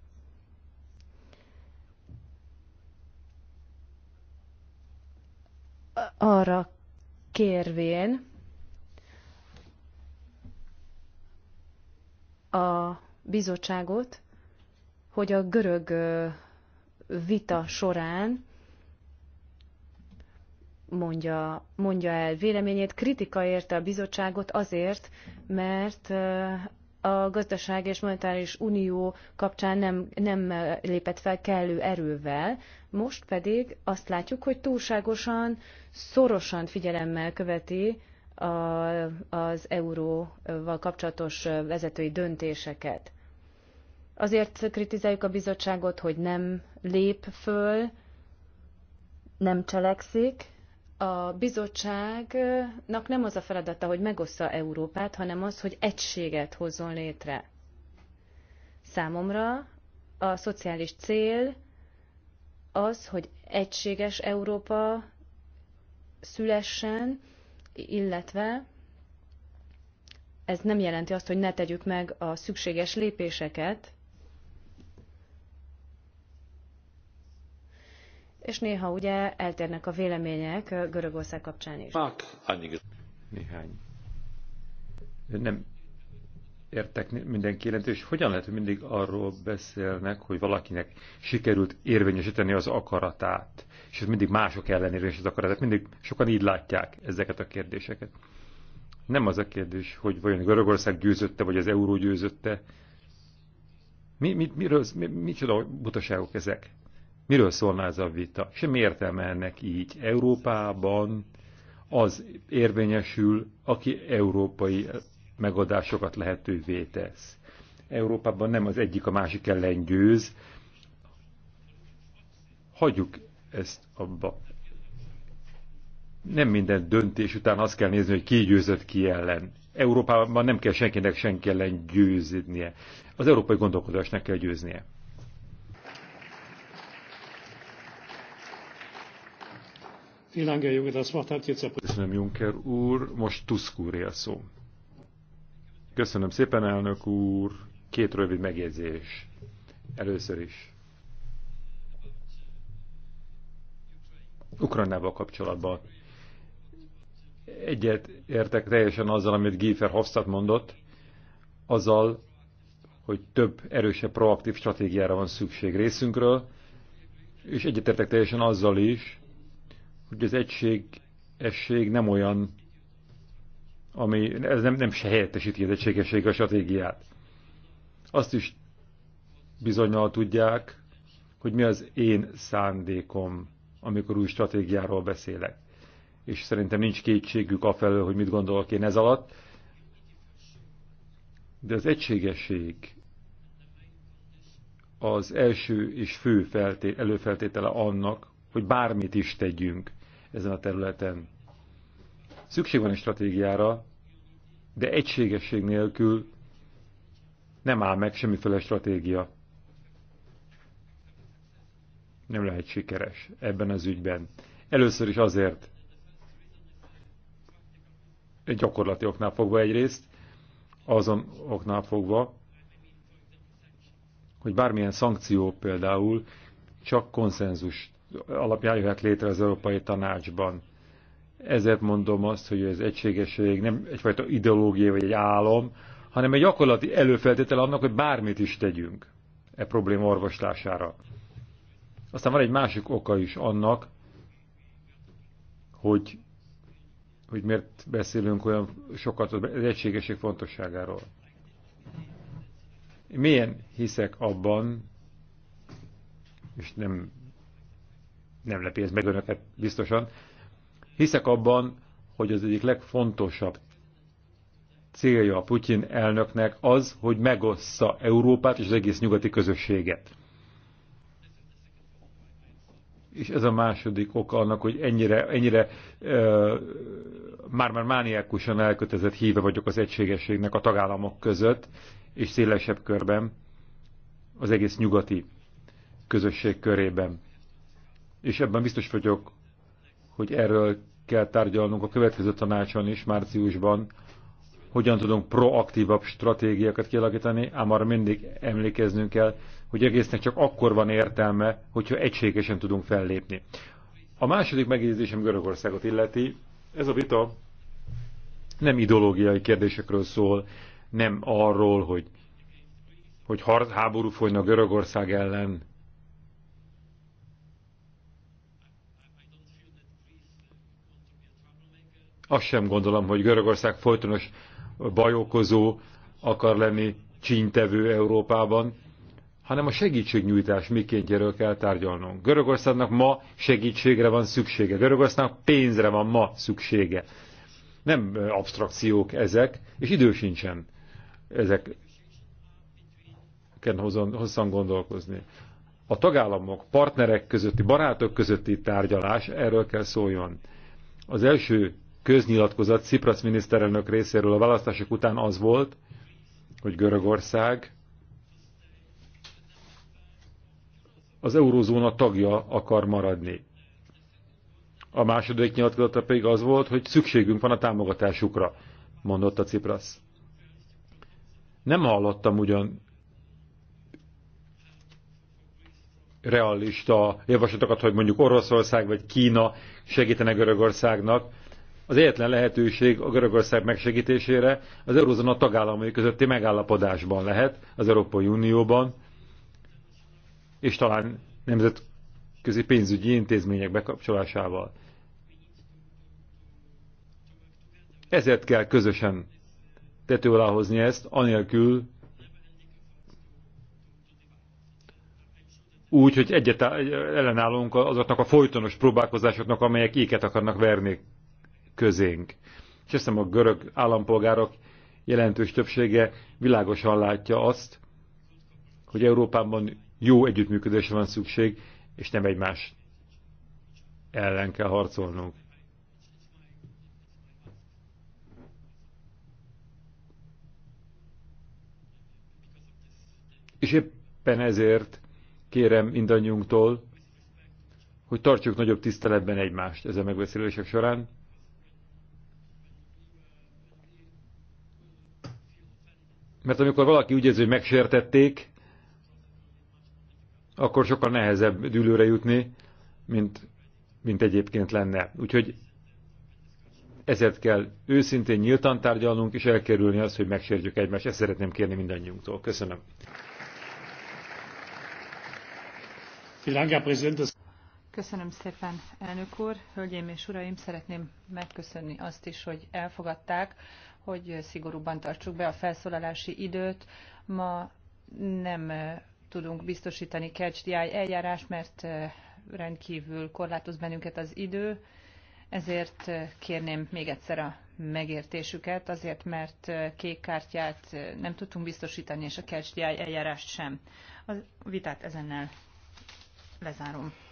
Arra kérvén a bizottságot, hogy a görög vita során mondja, mondja el véleményét, kritika érte a bizottságot azért, mert a gazdaság és monetáris unió kapcsán nem, nem lépett fel kellő erővel, most pedig azt látjuk, hogy túlságosan, szorosan figyelemmel követi a, az euróval kapcsolatos vezetői döntéseket. Azért kritizáljuk a bizottságot, hogy nem lép föl, nem cselekszik, a bizottságnak nem az a feladata, hogy megossza Európát, hanem az, hogy egységet hozzon létre. Számomra a szociális cél az, hogy egységes Európa szülessen, illetve ez nem jelenti azt, hogy ne tegyük meg a szükséges lépéseket, és néha ugye eltérnek a vélemények Görögország kapcsán is. Néhány. Nem értek mindenki és Hogyan lehet, hogy mindig arról beszélnek, hogy valakinek sikerült érvényesíteni az akaratát, és ez mindig mások ellen érvényes az akaratát. Mindig sokan így látják ezeket a kérdéseket. Nem az a kérdés, hogy vajon Görögország győzötte, vagy az euró győzötte. Mi, mi, miről, mi, micsoda butaságok ezek? Miről szólna ez a vita? Semmi értelme ennek így. Európában az érvényesül, aki európai megoldásokat lehetővé tesz. Európában nem az egyik a másik ellen győz. Hagyjuk ezt abba. Nem minden döntés után azt kell nézni, hogy ki győzött ki ellen. Európában nem kell senkinek senki ellen győződnie. Az európai gondolkodásnak kell győznie. Köszönöm, Juncker úr. Most Tusk úr él szó. Köszönöm szépen, elnök úr. Két rövid megjegyzés. Először is. Ukrajnával kapcsolatban egyet értek teljesen azzal, amit Giefer Hofstadt mondott, azzal, hogy több erősebb proaktív stratégiára van szükség részünkről, és egyetértek teljesen azzal is, hogy az egységesség nem olyan, ami, ez nem, nem se helyettesíti az egységesség a stratégiát. Azt is bizonyal tudják, hogy mi az én szándékom, amikor új stratégiáról beszélek. És szerintem nincs kétségük afelől, hogy mit gondolok én ez alatt. De az egységesség az első és fő feltét, előfeltétele annak, hogy bármit is tegyünk ezen a területen. Szükség van egy stratégiára, de egységesség nélkül nem áll meg semmiféle stratégia. Nem lehet sikeres ebben az ügyben. Először is azért, egy gyakorlati oknál fogva egyrészt, azon oknál fogva, hogy bármilyen szankció például csak konszenzust alapján jöhet létre az Európai Tanácsban. Ezért mondom azt, hogy ez egységesség nem egyfajta ideológia vagy egy álom, hanem egy gyakorlati előfeltétel annak, hogy bármit is tegyünk e probléma orvoslására. Aztán van egy másik oka is annak, hogy, hogy miért beszélünk olyan sokat az egységesség fontosságáról. Milyen hiszek abban, és nem nem lepi ez meg önöket biztosan. Hiszek abban, hogy az egyik legfontosabb célja a Putyin elnöknek az, hogy megossza Európát és az egész nyugati közösséget. És ez a második oka annak, hogy ennyire, ennyire már-már mániákusan elkötezett híve vagyok az egységességnek a tagállamok között, és szélesebb körben, az egész nyugati közösség körében és ebben biztos vagyok, hogy erről kell tárgyalnunk a következő tanácson is, márciusban, hogyan tudunk proaktívabb stratégiákat kialakítani, ám arra mindig emlékeznünk kell, hogy egésznek csak akkor van értelme, hogyha egységesen tudunk fellépni. A második megjegyzésem Görögországot illeti, ez a vita nem ideológiai kérdésekről szól, nem arról, hogy, hogy háború folyna Görögország ellen, Azt sem gondolom, hogy Görögország folytonos bajokozó akar lenni csíntevő Európában, hanem a segítségnyújtás mikéntjéről kell tárgyalnunk. Görögországnak ma segítségre van szüksége, Görögországnak pénzre van ma szüksége. Nem abstrakciók ezek, és idő sincsen ezek kell hosszan gondolkozni. A tagállamok, partnerek közötti, barátok közötti tárgyalás erről kell szóljon. Az első köznyilatkozat Ciprac miniszterelnök részéről a választások után az volt, hogy Görögország az eurózóna tagja akar maradni. A második nyilatkozata pedig az volt, hogy szükségünk van a támogatásukra, mondotta Ciprac. Nem hallottam ugyan realista javaslatokat, hogy mondjuk Oroszország vagy Kína segítene Görögországnak, az egyetlen lehetőség a Görögország megsegítésére az eurozóna tagállamai közötti megállapodásban lehet, az Európai Unióban, és talán nemzetközi pénzügyi intézmények bekapcsolásával. Ezért kell közösen tető alá hozni ezt, anélkül úgy, hogy egyet ellenállunk azoknak a folytonos próbálkozásoknak, amelyek éket akarnak verni közénk. És hiszem a görög állampolgárok jelentős többsége világosan látja azt, hogy Európában jó együttműködésre van szükség, és nem egymás ellen kell harcolnunk. És éppen ezért kérem mindannyiunktól, hogy tartsuk nagyobb tiszteletben egymást ezen megbeszélések során, Mert amikor valaki úgy érzi, hogy megsértették, akkor sokkal nehezebb dűlőre jutni, mint, mint egyébként lenne. Úgyhogy ezért kell őszintén nyíltan tárgyalnunk, és elkerülni azt, hogy megsértjük egymást. Ezt szeretném kérni mindannyiunktól. Köszönöm. Köszönöm szépen, elnök úr. Hölgyeim és uraim, szeretném megköszönni azt is, hogy elfogadták hogy szigorúban tartsuk be a felszólalási időt. Ma nem tudunk biztosítani CatchDI eljárás, mert rendkívül korlátoz bennünket az idő, ezért kérném még egyszer a megértésüket, azért mert kék kártyát nem tudtunk biztosítani, és a CatchDI eljárást sem. A vitát ezennel lezárom.